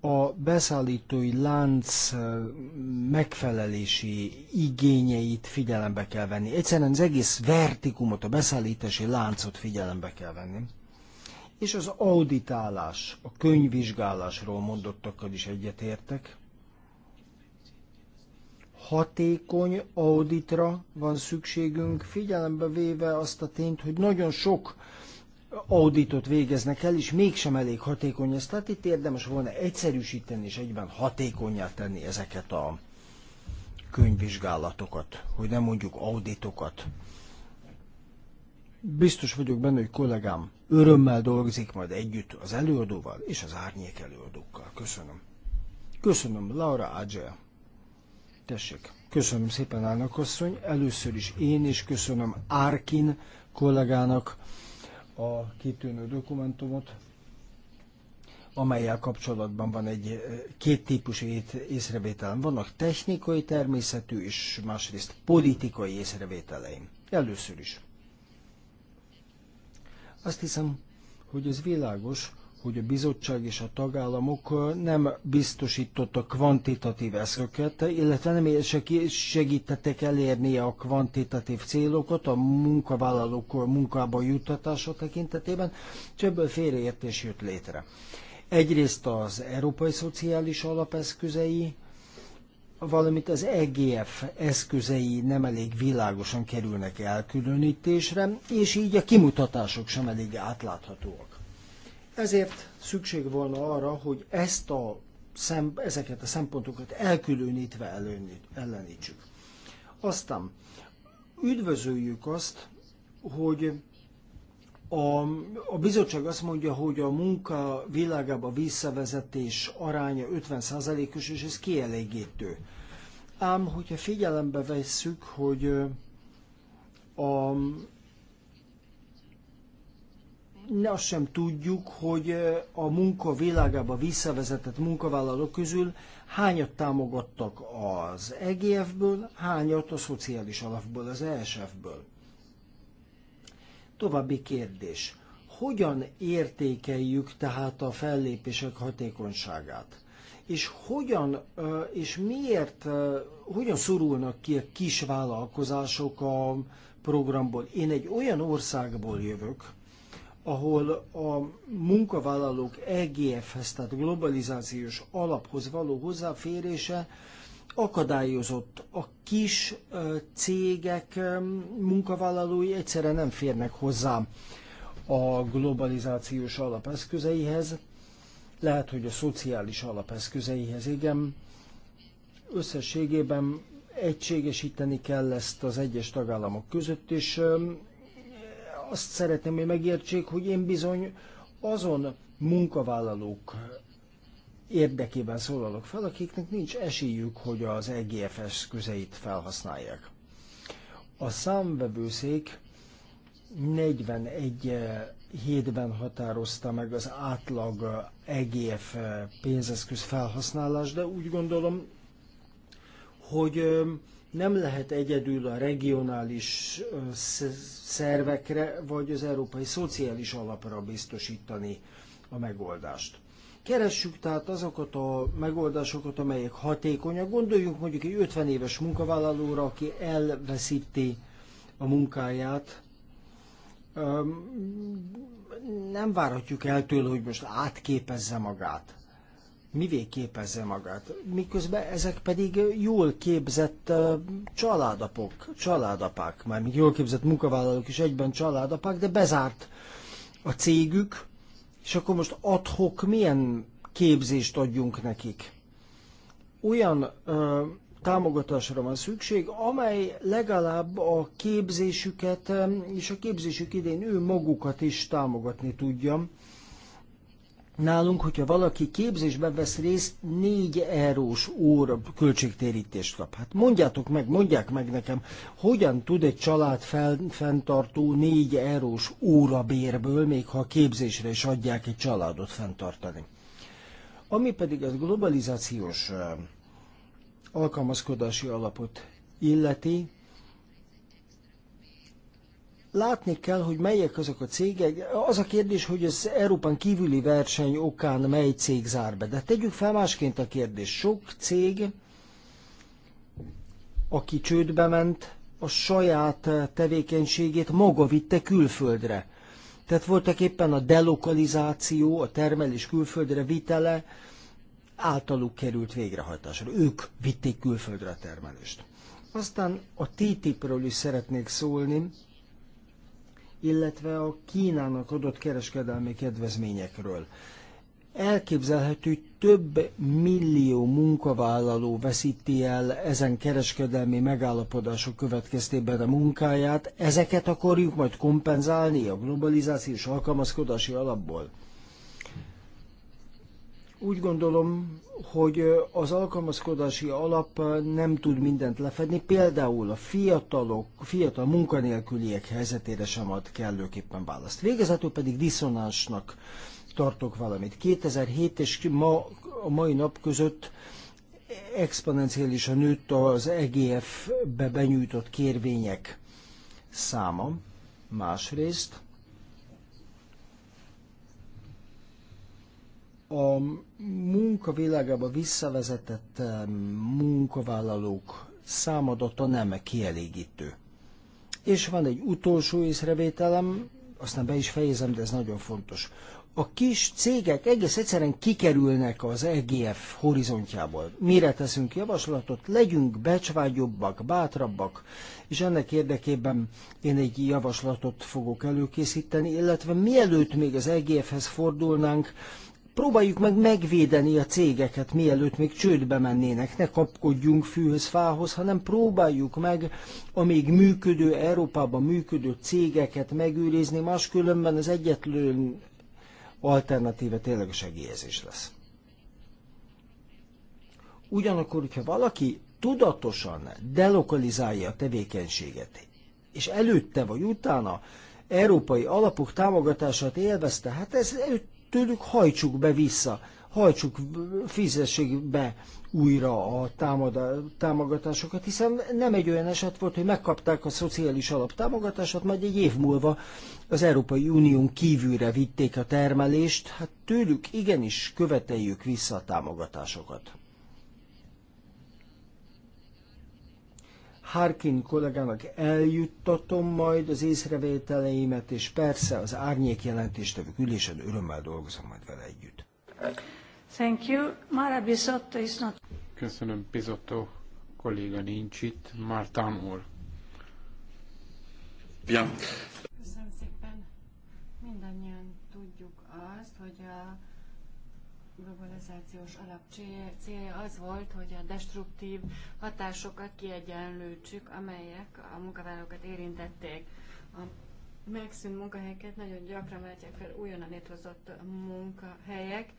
a beszállítói lánc megfelelési igényeit figyelembe kell venni. Egyszerűen az egész vertikumot, a beszállítási láncot figyelembe kell venni. És az auditálás, a könyvvizsgálásról mondottakkal is egyetértek hatékony auditra van szükségünk, figyelembe véve azt a tényt, hogy nagyon sok auditot végeznek el, és mégsem elég hatékony ez. Tehát itt érdemes volna egyszerűsíteni és egyben hatékonyá tenni ezeket a könyvvizsgálatokat, hogy nem mondjuk auditokat. Biztos vagyok benne, hogy kollégám örömmel dolgozik majd együtt az előadóval és az árnyék előadókkal. Köszönöm. Köszönöm, Laura Adjel. Tessék. Köszönöm szépen, elnök asszony. Először is én is köszönöm Árkin kollégának a kitűnő dokumentumot, amelyel kapcsolatban van egy eh, két típusú észrevételem. Vannak technikai természetű és másrészt politikai észrevételeim. Először is. Azt hiszem, hogy ez világos, hogy a bizottság és a tagállamok nem biztosítottak kvantitatív eszköket, illetve nem segítettek elérni a kvantitatív célokat a munkavállalók munkába juttatása tekintetében, és ebből félreértés jött létre. Egyrészt az Európai Szociális Alapeszközei, valamint az EGF eszközei nem elég világosan kerülnek elkülönítésre, és így a kimutatások sem elég átláthatóak. Ezért szükség volna arra, hogy ezt a szem, ezeket a szempontokat elkülönítve ellenítsük. Aztán üdvözöljük azt, hogy a, a bizottság azt mondja, hogy a munka világába visszavezetés aránya 50%-os, és ez kielégítő. Ám, hogyha figyelembe vesszük, hogy a azt sem tudjuk, hogy eh, a munka világába visszavezetett munkavállalók közül hányat támogattak az EGF-ből, hányat a szociális alapból, az ESF-ből. További kérdés. Hogyan értékeljük tehát a fellépések hatékonyságát? És hogyan eh, és miért, eh, hogyan szorulnak ki a kis vállalkozások a programból? Én egy olyan országból jövök, ahol a munkavállalók EGF-hez, tehát globalizációs alaphoz való hozzáférése akadályozott. A kis cégek munkavállalói egyszerre nem férnek hozzá a globalizációs alapeszközeihez, lehet, hogy a szociális alapeszközeihez, igen. Összességében egységesíteni kell ezt az egyes tagállamok között, és azt szeretném, hogy megértsék, hogy én bizony azon munkavállalók érdekében szólalok fel, akiknek nincs esélyük, hogy az EGF eszközeit felhasználják. A számvevőszék 41 eh, hétben határozta meg az átlag EGF eh, e eh, pénzeszköz felhasználás, de úgy gondolom, hogy nem lehet egyedül a regionális szervekre vagy az Európai Szociális Alapra biztosítani a megoldást. Keressük tehát azokat a megoldásokat, amelyek hatékonyak. Gondoljunk mondjuk egy 50 éves munkavállalóra, aki elveszíti a munkáját. Nem várhatjuk el tőle, hogy most átképezze magát mivé képezze magát. Miközben ezek pedig jól képzett családapok, családapák, mármint jól képzett munkavállalók is egyben családapák, de bezárt a cégük, és akkor most adhok milyen képzést adjunk nekik. Olyan ö, támogatásra van szükség, amely legalább a képzésüket és a képzésük idén ő magukat is támogatni tudja Nálunk, hogyha valaki képzésben vesz részt, 4 eurós óra költségtérítést kap. Hát mondjátok meg, mondják meg nekem, hogyan tud egy család fel, fenntartó 4 eurós óra bérből, még ha a képzésre is adják egy családot fenntartani. Ami pedig az globalizációs alkalmazkodási alapot illeti, Látni kell, hogy melyek azok a cégek. Az a kérdés, hogy az Európán kívüli verseny okán mely cég zár be. De tegyük fel másként a kérdés: Sok cég, aki csődbe ment, a saját tevékenységét maga vitte külföldre. Tehát voltak éppen a delokalizáció, a termelés külföldre vitele általuk került végrehajtásra. Ők vitték külföldre a termelést. Aztán a TTIP-ről is szeretnék szólni illetve a Kínának adott kereskedelmi kedvezményekről. Elképzelhető, hogy több millió munkavállaló veszíti el ezen kereskedelmi megállapodások következtében a munkáját, ezeket akarjuk majd kompenzálni a globalizációs alkalmazkodási alapból. Úgy gondolom, hogy az alkalmazkodási alap nem tud mindent lefedni, például a fiatalok, fiatal munkanélküliek helyzetére sem ad kellőképpen választ. Végezetül pedig diszonásnak tartok valamit. 2007 és ma, a mai nap között exponenciálisan nőtt az EGF-be benyújtott kérvények száma. Másrészt a munka világába visszavezetett munkavállalók számadata nem kielégítő. És van egy utolsó észrevételem, aztán be is fejezem, de ez nagyon fontos. A kis cégek egész egyszerűen kikerülnek az EGF horizontjából. Mire teszünk javaslatot? Legyünk becsvágyobbak, bátrabbak, és ennek érdekében én egy javaslatot fogok előkészíteni, illetve mielőtt még az EGF-hez fordulnánk, Próbáljuk meg megvédeni a cégeket, mielőtt még csődbe mennének, ne kapkodjunk fűhöz, fához, hanem próbáljuk meg a még működő, Európában működő cégeket megőrizni, máskülönben az egyetlen alternatíva tényleg a segélyezés lesz. Ugyanakkor, hogyha valaki tudatosan delokalizálja a tevékenységet, és előtte vagy utána európai alapok támogatását élvezte, hát ez tőlük hajtsuk be vissza, hajtsuk, fizessék be újra a támada, támogatásokat, hiszen nem egy olyan eset volt, hogy megkapták a szociális alaptámogatást, majd egy év múlva az Európai Unión kívülre vitték a termelést, hát tőlük igenis követeljük vissza a támogatásokat. Harkin kollégának eljuttatom majd az észrevételeimet, és persze az árnyék jelentéstevők ülésen örömmel dolgozom majd vele együtt. Thank you. Mara Bisotto is not... Köszönöm, Bisotto kolléga nincs itt. Mártán úr. Ja. Köszönöm szépen. Mindannyian tudjuk azt, hogy a globalizációs alap célja az volt, hogy a destruktív hatásokat kiegyenlőtsük, amelyek a munkavállalókat érintették. A megszűnt munkahelyeket nagyon gyakran váltják fel újonnan létrehozott munkahelyek,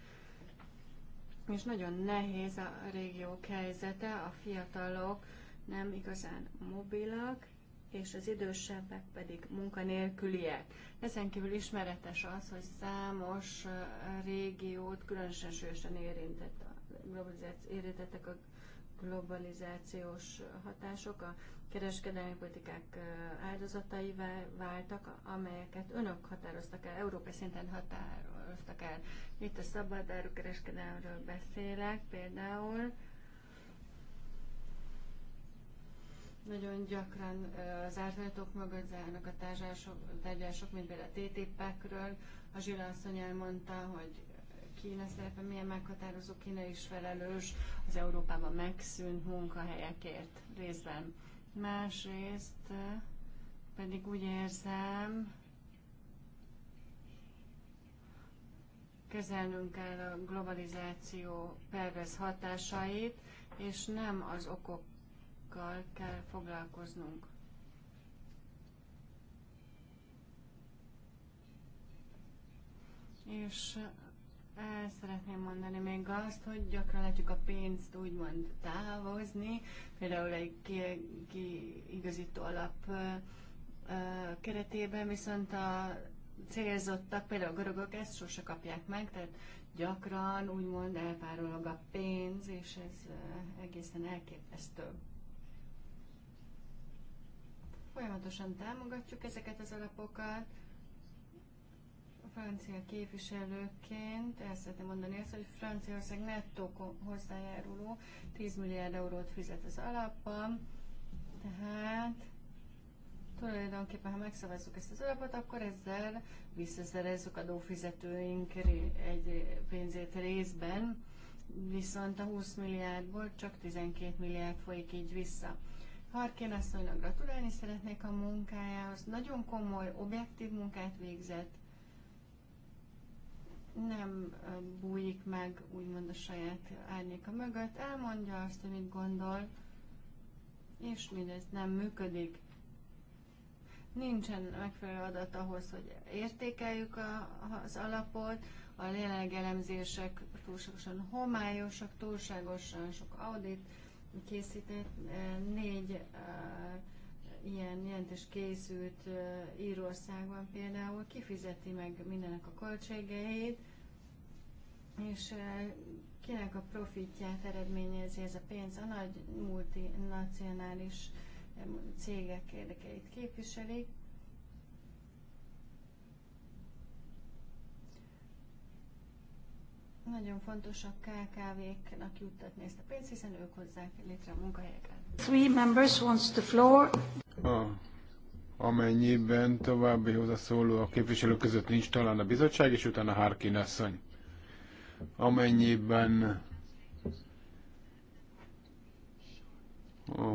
és nagyon nehéz a régiók helyzete, a fiatalok nem igazán mobilak, és az idősebbek pedig munkanélküliek. Ezen kívül ismeretes az, hogy számos régiót különösen sősen érintett a globalizáció, érintettek a globalizációs hatások, a kereskedelmi politikák áldozataivá váltak, amelyeket önök határoztak el, európai szinten határoztak el. Itt a szabad kereskedelmről beszélek például, Nagyon gyakran az ártajtók mögött zárnak a tárgyalások, mint például a TTIP-ekről. A Zsila asszony elmondta, hogy Kína szerepe milyen meghatározó, Kína is felelős az Európában megszűnt munkahelyekért részben. Másrészt pedig úgy érzem, kezelnünk kell a globalizáció pervez hatásait, és nem az okok dolgokkal kell foglalkoznunk. És el szeretném mondani még azt, hogy gyakran lehetjük a pénzt úgymond távozni, például egy kiigazító alap keretében, viszont a célzottak, például a görögök ezt sose kapják meg, tehát gyakran úgymond elpárolog a pénz, és ez egészen elképesztő. Folyamatosan támogatjuk ezeket az alapokat. A francia képviselőként el szeretném mondani ezt, hogy Franciaország nettó hozzájáruló 10 milliárd eurót fizet az alapban, tehát tulajdonképpen, ha megszavazzuk ezt az alapot, akkor ezzel visszaszerezzük adófizetőink egy pénzét részben, viszont a 20 milliárdból csak 12 milliárd folyik így vissza. Harkén asszonynak gratulálni szeretnék a munkájához. Nagyon komoly, objektív munkát végzett. Nem bújik meg, úgymond a saját árnyéka mögött. Elmondja azt, amit gondol, és mindez nem működik. Nincsen megfelelő adat ahhoz, hogy értékeljük a, az alapot, a jelenleg elemzések túlságosan homályosak, túlságosan sok audit, készített, eh, négy eh, ilyen jelentés készült eh, Írországban például, kifizeti meg mindenek a költségeit, és kinek a profitját eredményezi ez a pénz, a nagy multinacionális cégek érdekeit képviselik, Nagyon fontos a KKV-knak juttatni ezt a pénzt, hiszen ők hozzák létre a munkahelyeket. Three members wants the floor. Oh. amennyiben további hozzászóló a képviselő között nincs talán a bizottság, és utána Harkin asszony. Amennyiben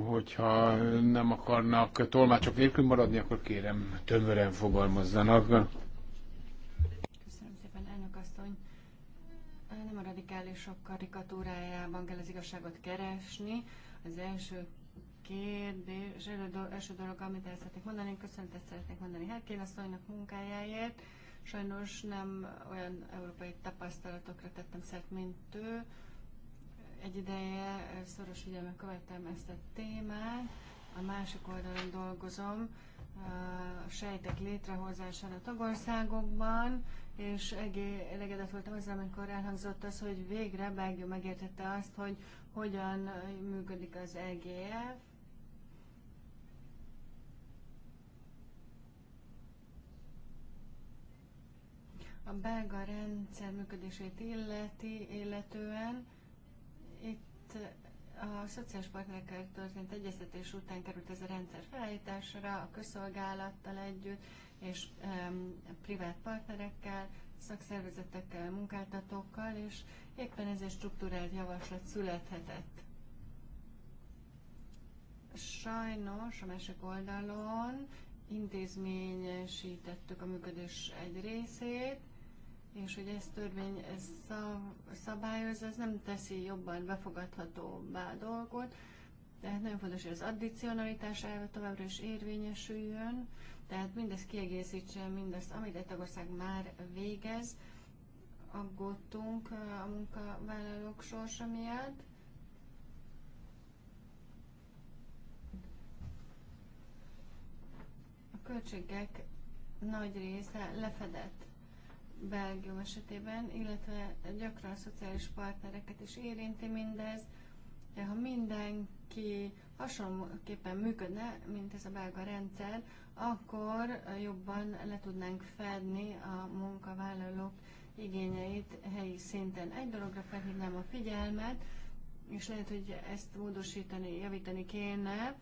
hogyha nem akarnak tolmácsok nélkül maradni, akkor kérem tömören fogalmazzanak. a radikálisok karikatúrájában kell az igazságot keresni. Az első kérdés, az első dolog, amit el szeretnék mondani, köszöntet szeretnék mondani Herkén asszonynak munkájáért. Sajnos nem olyan európai tapasztalatokra tettem szert, mint ő. Egy ideje szoros figyelmen követtem ezt a témát, a másik oldalon dolgozom, sejtek létrehozására a tagországokban, és elégedett voltam azzal, amikor elhangzott az, hogy végre Belgium megértette azt, hogy hogyan működik az EGF, a belga rendszer működését illeti, illetően itt a szociális partnerekkel történt egyeztetés után került ez a rendszer felállításra, a közszolgálattal együtt, és um, privát partnerekkel, szakszervezetekkel, munkáltatókkal, és éppen ez egy struktúrált javaslat születhetett. Sajnos a másik oldalon intézményesítettük a működés egy részét, és hogy ez törvény ez szabályoz, ez nem teszi jobban befogadhatóbbá a dolgot, tehát nagyon fontos, hogy az addicionalitás elve továbbra is érvényesüljön, tehát mindez kiegészítse mindezt amit egy tagország már végez, aggódtunk a munkavállalók sorsa miatt. A költségek nagy része lefedett Belgium esetében, illetve gyakran a szociális partnereket is érinti mindez. De ha mindenki hasonlóképpen működne, mint ez a belga rendszer, akkor jobban le tudnánk fedni a munkavállalók igényeit helyi szinten. Egy dologra felhívnám a figyelmet, és lehet, hogy ezt módosítani, javítani kéne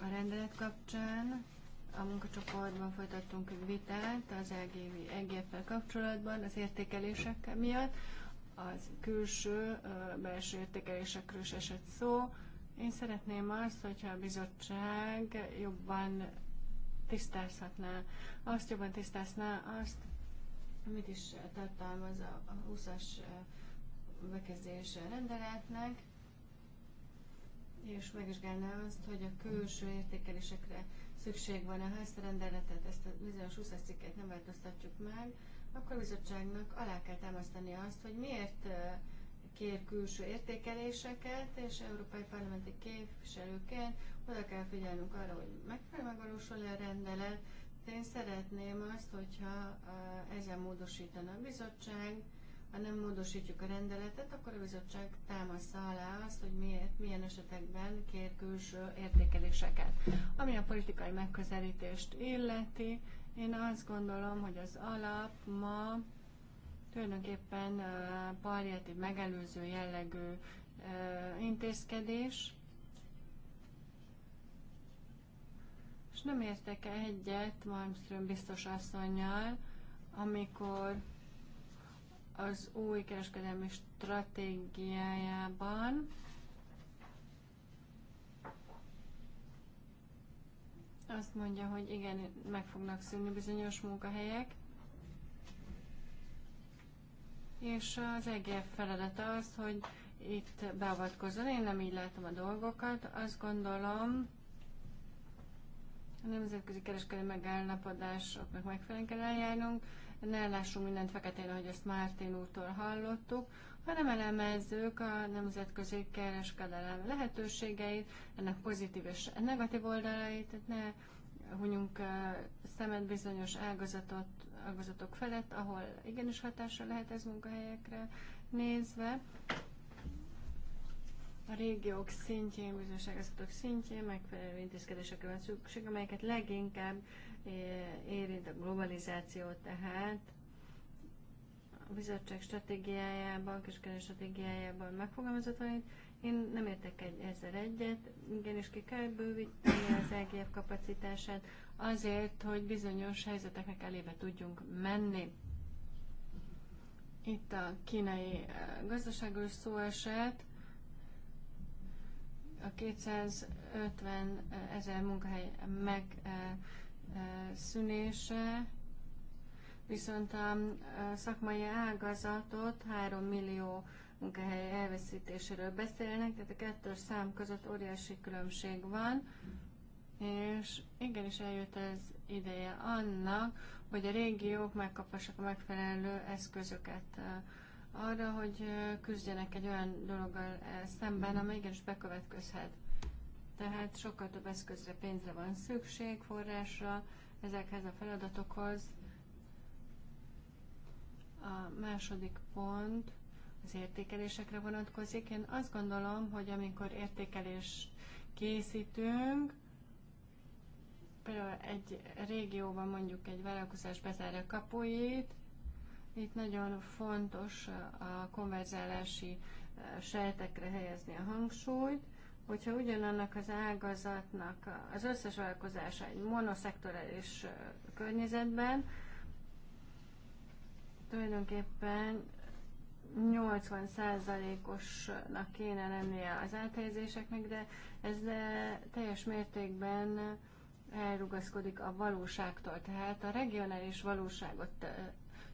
a rendelet kapcsán, a munkacsoportban folytattunk egy vitát az EGV, egf kapcsolatban az értékelések miatt. Az külső, belső értékelésekről is esett szó. Én szeretném azt, hogyha a bizottság jobban tisztázhatná, azt jobban tisztázná azt, amit is tartalmaz a 20-as bekezdés rendeletnek, és megvizsgálná azt, hogy a külső értékelésekre szükség van-e, ha ezt a rendeletet, ezt a bizonyos 20 cikket nem változtatjuk meg, akkor a bizottságnak alá kell támasztani azt, hogy miért kér külső értékeléseket, és európai parlamenti képviselőként oda kell figyelnünk arra, hogy megfelelően megvalósul a rendelet. én szeretném azt, hogyha ezen módosítana a bizottság, ha nem módosítjuk a rendeletet, akkor a bizottság támaszza alá azt, hogy miért, milyen esetekben kér külső értékeléseket. Ami a politikai megközelítést illeti, én azt gondolom, hogy az alap ma tulajdonképpen palliatív megelőző jellegű intézkedés, és nem értek egyet Malmström biztos asszonynal, amikor az új kereskedelmi stratégiájában azt mondja, hogy igen, meg fognak szűnni bizonyos munkahelyek, és az EGF feladata az, hogy itt beavatkozzon. Én nem így látom a dolgokat. Azt gondolom, a nemzetközi kereskedelmi megállapodásoknak megfelelően kell eljárnunk ne lássunk mindent feketén, ahogy ezt Mártin úrtól hallottuk, hanem elemezzük a nemzetközi kereskedelem lehetőségeit, ennek pozitív és negatív oldalait, hogy ne hunyunk szemet bizonyos ágazatot, ágazatok felett, ahol igenis hatásra lehet ez munkahelyekre nézve. A régiók szintjén, bizonyos ágazatok szintjén megfelelő intézkedésekre van szükség, amelyeket leginkább érint a globalizáció, tehát a bizottság stratégiájában, kereskedelmi stratégiájában megfogalmazott, hogy én nem értek egy, ezzel egyet, igenis ki kell bővíteni az EGF kapacitását azért, hogy bizonyos helyzeteknek elébe tudjunk menni. Itt a kínai e, gazdaságos szó esett, a 250 e, ezer munkahely meg e, szűnése, viszont a szakmai ágazatot 3 millió munkahely elveszítéséről beszélnek, tehát a kettős szám között óriási különbség van, és igenis eljött az ideje annak, hogy a régiók megkaphassák a megfelelő eszközöket arra, hogy küzdjenek egy olyan dologgal szemben, amely igenis bekövetkezhet. Tehát sokkal több eszközre, pénzre van szükség, forrásra ezekhez a feladatokhoz. A második pont az értékelésekre vonatkozik. Én azt gondolom, hogy amikor értékelést készítünk, például egy régióban mondjuk egy vállalkozás bezárja kapuit, itt nagyon fontos a konverzálási eh, sejtekre helyezni a hangsúlyt, hogyha ugyanannak az ágazatnak az összes vállalkozása egy monoszektorális környezetben, tulajdonképpen 80%-osnak kéne lennie az áthelyezéseknek, de ez teljes mértékben elrugaszkodik a valóságtól. Tehát a regionális valóságot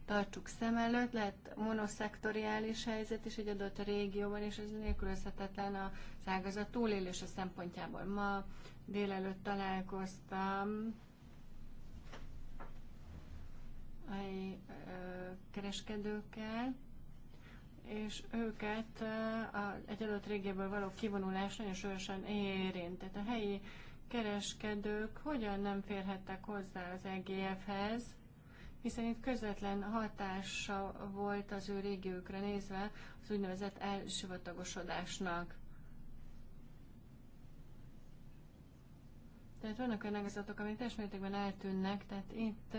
tartsuk szem előtt, lehet monoszektoriális helyzet is egy adott régióban, és ez nélkülözhetetlen a ágazat túlélése szempontjából. Ma délelőtt találkoztam a kereskedőkkel, és őket a, egy adott régióból való kivonulás nagyon súlyosan érint. Tehát a helyi kereskedők hogyan nem férhettek hozzá az EGF-hez, hiszen itt közvetlen hatása volt az ő régiókra nézve az úgynevezett elsivatagosodásnak. Tehát vannak olyan ágazatok, amelyek teljes mértékben eltűnnek, tehát itt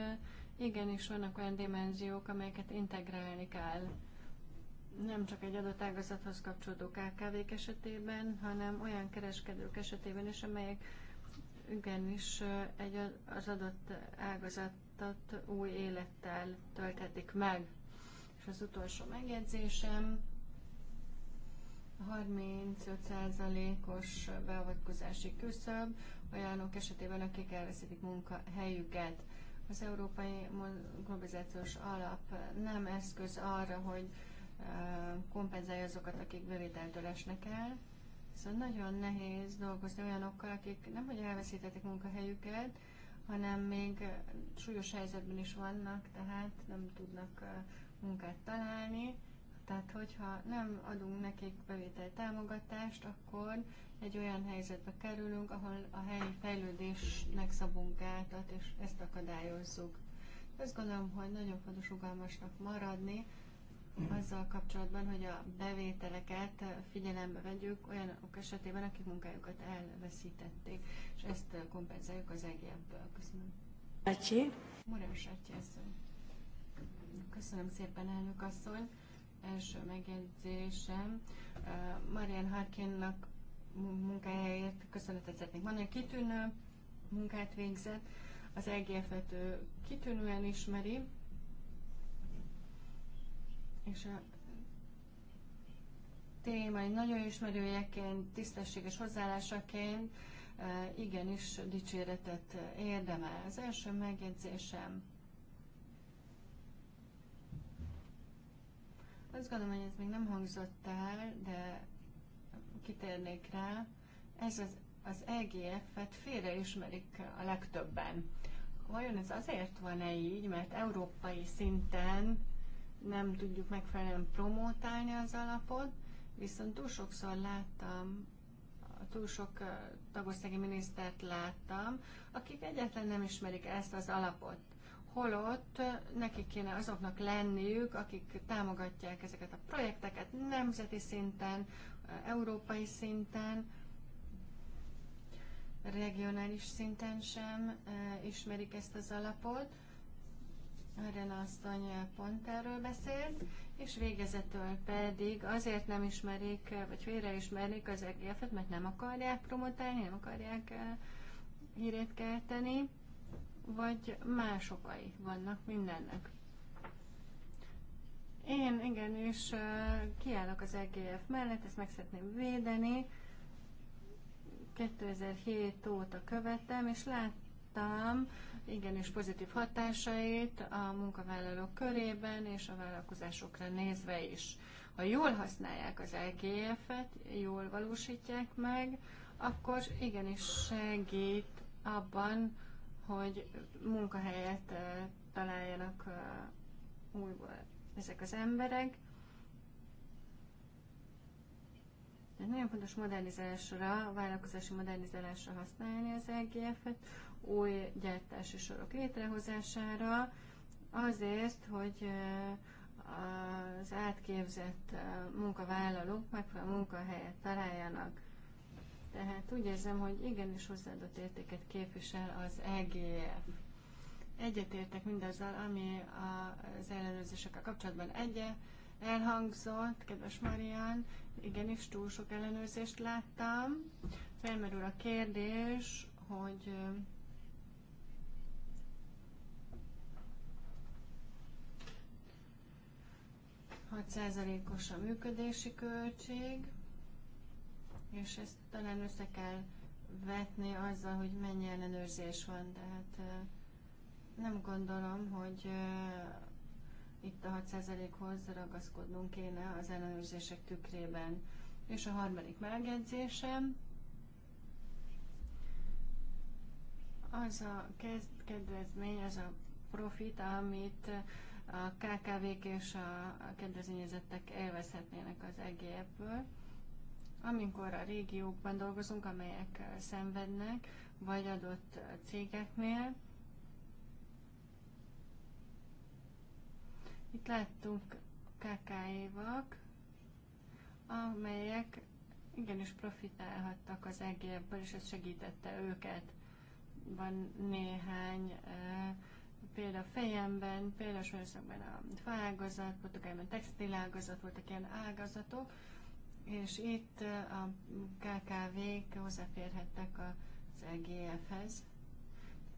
igenis vannak olyan dimenziók, amelyeket integrálni kell. Nem csak egy adott ágazathoz kapcsolódó KKV-k esetében, hanem olyan kereskedők esetében is, amelyek igenis egy az adott ágazat halottat új élettel tölthetik meg. És az utolsó megjegyzésem, 35%-os beavatkozási küszöb olyanok esetében, akik elveszítik munkahelyüket. Az Európai Globalizációs Alap nem eszköz arra, hogy kompenzálja azokat, akik bevételtől esnek el, viszont szóval nagyon nehéz dolgozni olyanokkal, akik nem hogy elveszítették munkahelyüket, hanem még súlyos helyzetben is vannak, tehát nem tudnak munkát találni. Tehát, hogyha nem adunk nekik bevétel támogatást, akkor egy olyan helyzetbe kerülünk, ahol a helyi fejlődésnek szabunk gátat, és ezt akadályozzuk. Azt gondolom, hogy nagyon fontos rugalmasnak maradni, azzal kapcsolatban, hogy a bevételeket figyelembe vegyük olyanok esetében, akik munkájukat elveszítették, és ezt kompenzáljuk az EGF-ből. Köszönöm. Acsi. Murás Atyászony. Köszönöm szépen, elnök asszony. Első megjegyzésem. Marian Harkinnak munkájáért köszönetet szeretnék mondani. Kitűnő munkát végzett, az EGF-et kitűnően ismeri, és a téma egy nagyon ismerőjeként, tisztességes hozzáállásaként igenis dicséretet érdemel. Az első megjegyzésem. Azt gondolom, hogy ez még nem hangzott el, de kitérnék rá. Ez az, az EGF-et félreismerik a legtöbben. Vajon ez azért van-e így, mert európai szinten nem tudjuk megfelelően promotálni az alapot, viszont túl sokszor láttam, túl sok tagországi minisztert láttam, akik egyetlen nem ismerik ezt az alapot. Holott nekik kéne azoknak lenniük, akik támogatják ezeket a projekteket nemzeti szinten, európai szinten, regionális szinten sem ismerik ezt az alapot Ören asszony pont erről beszélt, és végezetül pedig azért nem ismerik, vagy ismerik az EGF-et, mert nem akarják promotálni, nem akarják eh, hírét kelteni, vagy más okai vannak mindennek. Én igenis eh, kiállok az EGF mellett, ezt meg szeretném védeni. 2007 óta követtem, és láttam, igen, és pozitív hatásait a munkavállalók körében és a vállalkozásokra nézve is. Ha jól használják az LGF-et, e jól valósítják meg, akkor igenis segít abban, hogy munkahelyet eh, találjanak eh, újból ezek az emberek. De nagyon fontos modernizálásra, vállalkozási modernizálásra használni az lgf e et új gyártási sorok létrehozására, azért, hogy az átképzett munkavállalók megfelelő munkahelyet találjanak. Tehát úgy érzem, hogy igenis hozzáadott értéket képvisel az EGF. Egyetértek mindazzal, ami az ellenőrzésekkel kapcsolatban egye elhangzott, kedves Marian, igenis túl sok ellenőrzést láttam. Felmerül a kérdés, hogy 6%-os a működési költség, és ezt talán össze kell vetni azzal, hogy mennyi ellenőrzés van. Tehát nem gondolom, hogy itt a 6%-hoz ragaszkodnunk kéne az ellenőrzések tükrében. És a harmadik megjegyzésem az a kedvezmény, az a profit, amit a KKV-k és a kedvezményezettek élvezhetnének az EGF-ből. Amikor a régiókban dolgozunk, amelyek szenvednek, vagy adott cégeknél, itt láttunk KKV-vak, amelyek igenis profitálhattak az EGF-ből, és ez segítette őket. Van néhány uh, példa a fejemben, például Spanyolországban a faágazat, Portugálban textilágazat, voltak ilyen ágazatok, és itt a KKV-k hozzáférhettek az EGF-hez.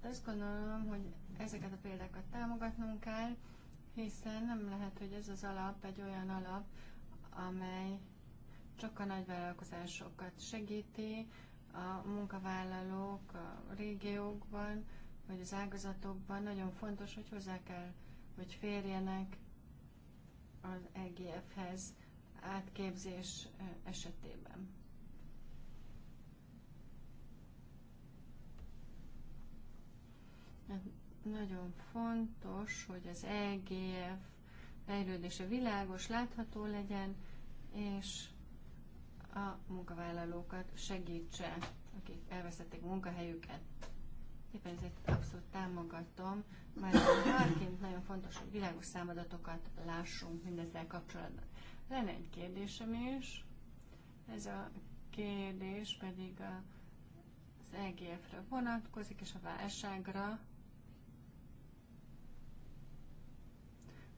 Tehát azt gondolom, hogy ezeket a példákat támogatnunk kell, hiszen nem lehet, hogy ez az alap egy olyan alap, amely csak a nagyvállalkozásokat segíti, a munkavállalók a régiókban, vagy az ágazatokban nagyon fontos, hogy hozzá kell, hogy férjenek az EGF-hez átképzés esetében. Nagyon fontos, hogy az EGF fejlődése világos, látható legyen, és a munkavállalókat segítse, akik elvesztették munkahelyüket. Éppen ezért abszolút támogatom, mert harként nagyon fontos, hogy világos számadatokat lássunk mindezzel kapcsolatban. Lenne egy kérdésem is, ez a kérdés pedig a, az EGF-re vonatkozik, és a válságra.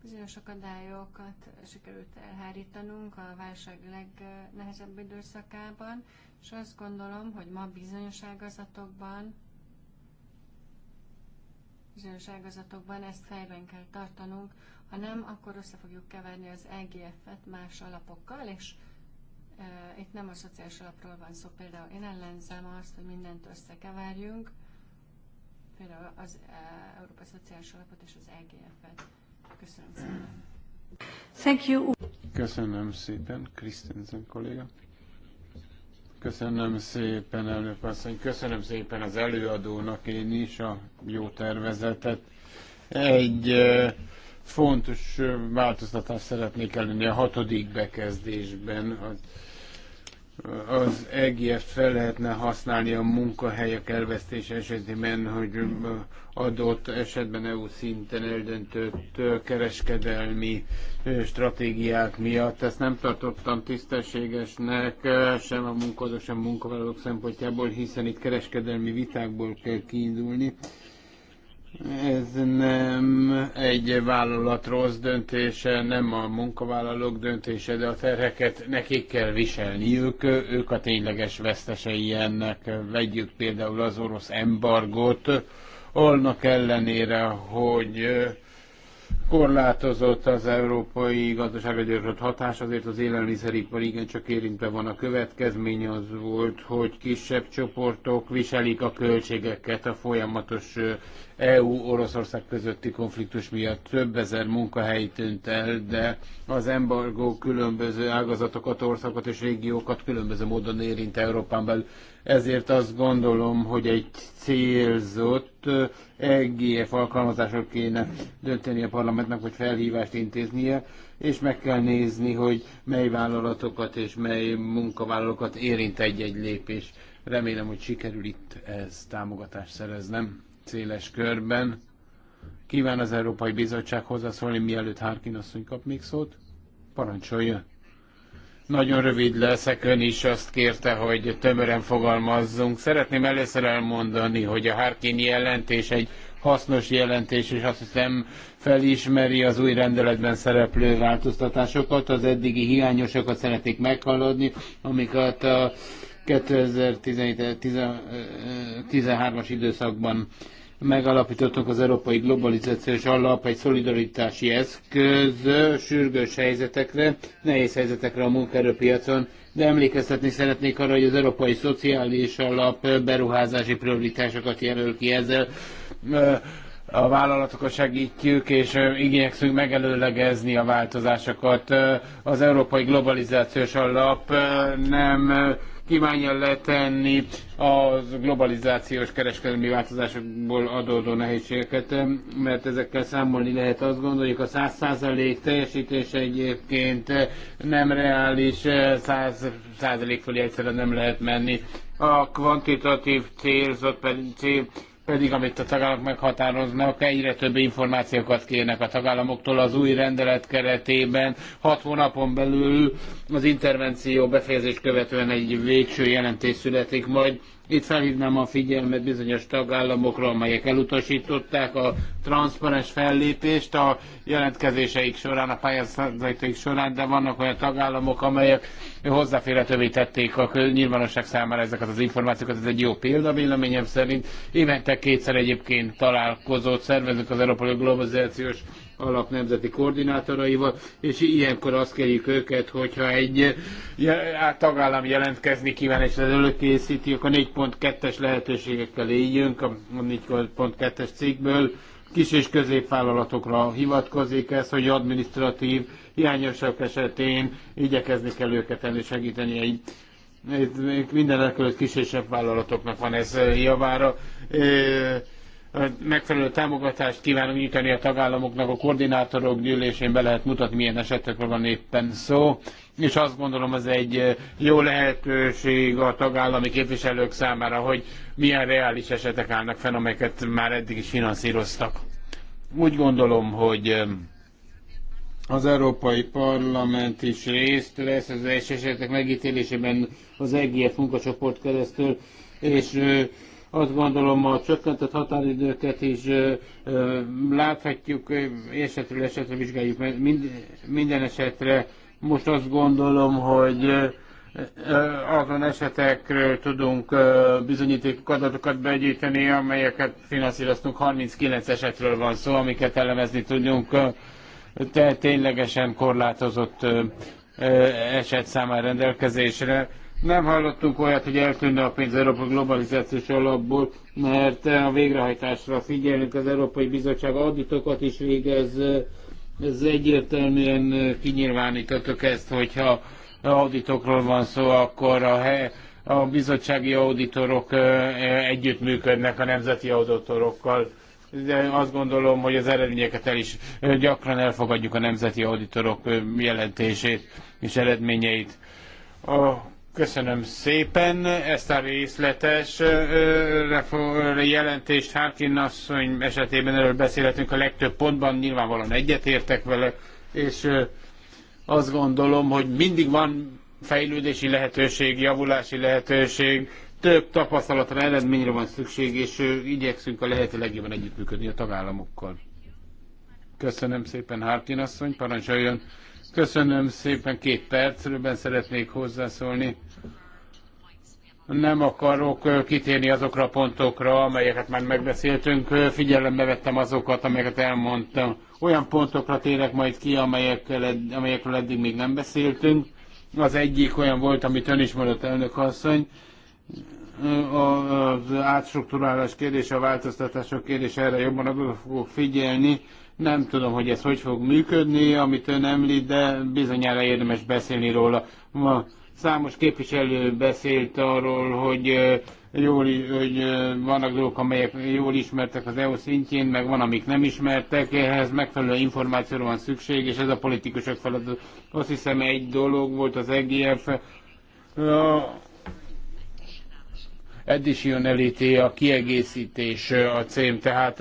Bizonyos akadályokat sikerült elhárítanunk a válság legnehezebb időszakában, és azt gondolom, hogy ma bizonyos ágazatokban bizonyos ágazatokban ezt fejben kell tartanunk, ha nem, akkor össze fogjuk keverni az EGF-et más alapokkal, és e, itt nem a szociális alapról van szó. Például én ellenzem azt, hogy mindent összekeverjünk, például az e, Európai Szociális Alapot és az EGF-et. Köszönöm szépen. Thank you. Köszönöm szépen, Krisztensen kolléga. Köszönöm szépen, elnök asszony. Köszönöm szépen az előadónak én is a jó tervezetet. Egy fontos változtatást szeretnék elérni a hatodik bekezdésben az EGF fel lehetne használni a munkahelyek elvesztése esetében, hogy adott esetben EU szinten eldöntött kereskedelmi stratégiák miatt. Ezt nem tartottam tisztességesnek, sem a munkahelyek, sem a munkavállalók szempontjából, hiszen itt kereskedelmi vitákból kell kiindulni. Ez nem egy vállalat rossz döntése, nem a munkavállalók döntése, de a terheket nekik kell viselniük, ők a tényleges vesztesei ennek. Vegyük például az orosz embargót, annak ellenére, hogy Korlátozott az európai gazdaságra gyakorolt hatás, azért az élelmiszeripar igencsak érintve van a következmény az volt, hogy kisebb csoportok viselik a költségeket a folyamatos EU-Oroszország közötti konfliktus miatt. Több ezer munkahely tűnt el, de az embargó különböző ágazatokat, országokat és régiókat különböző módon érint Európán belül. Ezért azt gondolom, hogy egy célzott EGF alkalmazásról kéne dönteni a parlament Parlamentnek, hogy felhívást intéznie, és meg kell nézni, hogy mely vállalatokat és mely munkavállalókat érint egy-egy lépés. Remélem, hogy sikerül itt ez támogatást szereznem széles körben. Kíván az Európai Bizottság hozzászólni, mielőtt Harkin asszony kap még szót? Parancsolja. Nagyon rövid leszek, ön is azt kérte, hogy tömören fogalmazzunk. Szeretném először elmondani, hogy a Harkin jelentés egy hasznos jelentés, és azt hiszem felismeri az új rendeletben szereplő változtatásokat, az eddigi hiányosokat szeretik meghaladni, amiket a 2013-as időszakban megalapítottunk az Európai Globalizációs Alap egy szolidaritási eszköz sürgős helyzetekre, nehéz helyzetekre a munkaerőpiacon, de emlékeztetni szeretnék arra, hogy az Európai Szociális Alap beruházási prioritásokat jelöl ki ezzel a vállalatokat segítjük, és igyekszünk megelőlegezni a változásokat. Az Európai Globalizációs Alap nem kívánja letenni a globalizációs kereskedelmi változásokból adódó nehézségeket, mert ezekkel számolni lehet. Azt gondoljuk, a 100% teljesítés egyébként nem reális, 100% fölé egyszerűen nem lehet menni. A kvantitatív célzott pedig, cél, pedig amit a tagállamok meghatároznak, egyre több információkat kérnek a tagállamoktól az új rendelet keretében. Hat hónapon belül az intervenció befejezés követően egy végső jelentés születik majd. Itt felhívnám a figyelmet bizonyos tagállamokra, amelyek elutasították a transzparens fellépést a jelentkezéseik során, a pályázataik során, de vannak olyan tagállamok, amelyek hozzáférhetővé tették a nyilvánosság számára ezeket az információkat. Ez egy jó példa véleményem szerint. Évente kétszer egyébként találkozott szervezünk az Európai Globalizációs alap nemzeti koordinátoraival, és ilyenkor azt kérjük őket, hogyha egy hát tagállam jelentkezni kíván, és az előkészíti, akkor 4.2-es lehetőségekkel éljünk, a 4.2-es cikkből, kis és középvállalatokra hivatkozik ez, hogy administratív hiányosak esetén igyekezni kell őket segíteni egy minden előtt kisebb vállalatoknak van ez javára megfelelő támogatást kívánunk nyújtani a tagállamoknak, a koordinátorok gyűlésén be lehet mutatni, milyen esetekről van éppen szó, és azt gondolom ez egy eh, jó lehetőség a tagállami képviselők számára, hogy milyen reális esetek állnak fenn, amelyeket már eddig is finanszíroztak. Úgy gondolom, hogy eh, az Európai Parlament is részt vesz az esetek megítélésében az EGF munkacsoport keresztül, és eh, azt gondolom a csökkentett határidőket is ö, ö, láthatjuk, esetről esetre vizsgáljuk mert Mind, minden esetre most azt gondolom, hogy ö, azon esetekről tudunk bizonyítékok adatokat begyűjteni, amelyeket finanszíroztunk. 39 esetről van szó, amiket elemezni tudjunk. Tehát ténylegesen korlátozott eset számára rendelkezésre nem hallottunk olyat, hogy eltűnne a pénz Európa globalizációs alapból, mert a végrehajtásra figyelünk, az Európai Bizottság auditokat is végez, ez egyértelműen kinyilvánítottuk ezt, hogyha auditokról van szó, akkor a, he, a bizottsági auditorok együttműködnek a nemzeti auditorokkal. De azt gondolom, hogy az eredményeket el is gyakran elfogadjuk a nemzeti auditorok jelentését és eredményeit. A Köszönöm szépen ezt a részletes jelentést. Harkin asszony esetében erről beszélhetünk a legtöbb pontban, nyilvánvalóan egyetértek vele, és azt gondolom, hogy mindig van fejlődési lehetőség, javulási lehetőség, több tapasztalatra, eredményre van szükség, és igyekszünk a lehető legjobban együttműködni a tagállamokkal. Köszönöm szépen, Harkin asszony, parancsoljon! Köszönöm szépen, két percben szeretnék hozzászólni. Nem akarok kitérni azokra a pontokra, amelyeket már megbeszéltünk. Figyelembe vettem azokat, amelyeket elmondtam. Olyan pontokra térek majd ki, amelyekkel, amelyekről eddig még nem beszéltünk. Az egyik olyan volt, amit ön is mondott, elnök asszony, az átstruktúrálás kérdése, a változtatások kérdése, erre jobban fogok figyelni. Nem tudom, hogy ez hogy fog működni, amit ön említ, de bizonyára érdemes beszélni róla. Ma számos képviselő beszélt arról, hogy jól, hogy vannak dolgok, amelyek jól ismertek az EU szintjén, meg van, amik nem ismertek, ehhez megfelelő információra van szükség, és ez a politikusok feladat. Azt hiszem egy dolog volt az EGF, additionality, a kiegészítés a cím, tehát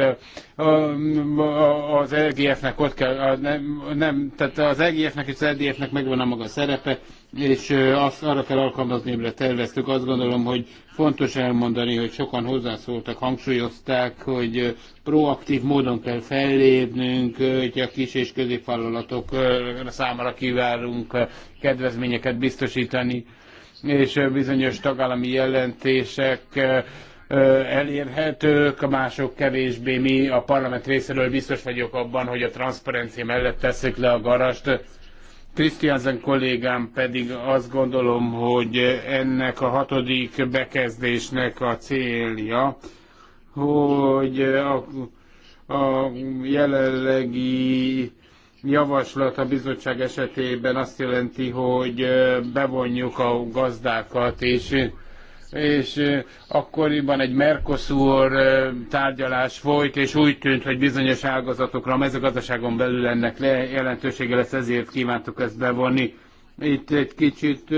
az lgf nek ott kell, nem, nem, tehát az lgf nek és az EDF-nek megvan a maga szerepe, és azt arra kell alkalmazni, amire terveztük. Azt gondolom, hogy fontos elmondani, hogy sokan hozzászóltak, hangsúlyozták, hogy proaktív módon kell fellépnünk, hogy a kis és középvállalatok számára kívánunk kedvezményeket biztosítani és bizonyos tagállami jelentések elérhetők, mások kevésbé mi a parlament részéről biztos vagyok abban, hogy a transzparencia mellett teszik le a garast. Krisztiánzen kollégám pedig azt gondolom, hogy ennek a hatodik bekezdésnek a célja, hogy a, a jelenlegi javaslat a bizottság esetében azt jelenti, hogy bevonjuk a gazdákat, és és akkoriban egy Mercosur tárgyalás folyt, és úgy tűnt, hogy bizonyos ágazatokra a mezőgazdaságon belül ennek jelentősége lesz, ezért kívántuk ezt bevonni. Itt egy kicsit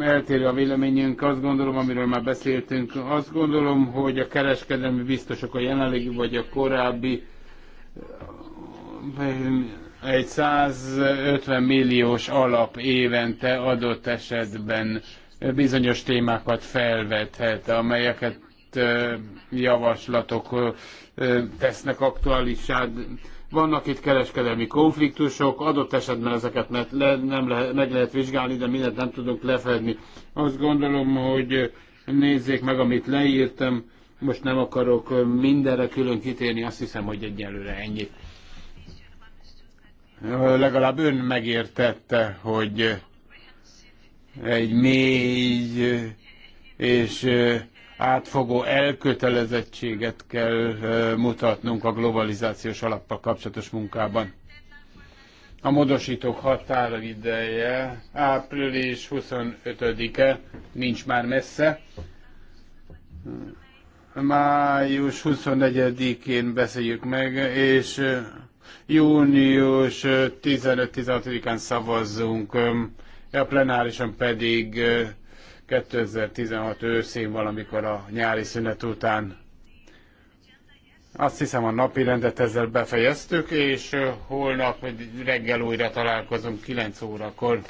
eltérő a véleményünk, azt gondolom, amiről már beszéltünk, azt gondolom, hogy a kereskedelmi biztosok a jelenlegi vagy a korábbi egy 150 milliós alap évente adott esetben bizonyos témákat felvethet, amelyeket javaslatok tesznek aktuálisát. Vannak itt kereskedelmi konfliktusok, adott esetben ezeket le, nem lehet, meg lehet vizsgálni, de mindent nem tudunk lefedni. Azt gondolom, hogy nézzék meg, amit leírtam, most nem akarok mindenre külön kitérni, azt hiszem, hogy egyelőre ennyit legalább ön megértette, hogy egy mély és átfogó elkötelezettséget kell mutatnunk a globalizációs alappal kapcsolatos munkában. A módosítók határideje április 25-e, nincs már messze. Május 24-én beszéljük meg, és Június 15-16-án szavazzunk, a plenárisan pedig 2016 őszén valamikor a nyári szünet után. Azt hiszem a napi rendet ezzel befejeztük, és holnap reggel újra találkozunk 9 órakor.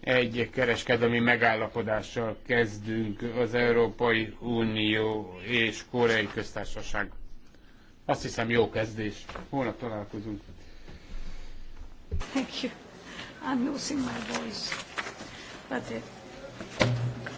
Egy kereskedelmi megállapodással kezdünk az Európai Unió és Koreai Köztársaság azt hiszem jó kezdés. Holnap találkozunk. Thank you. I'm losing my voice. But it...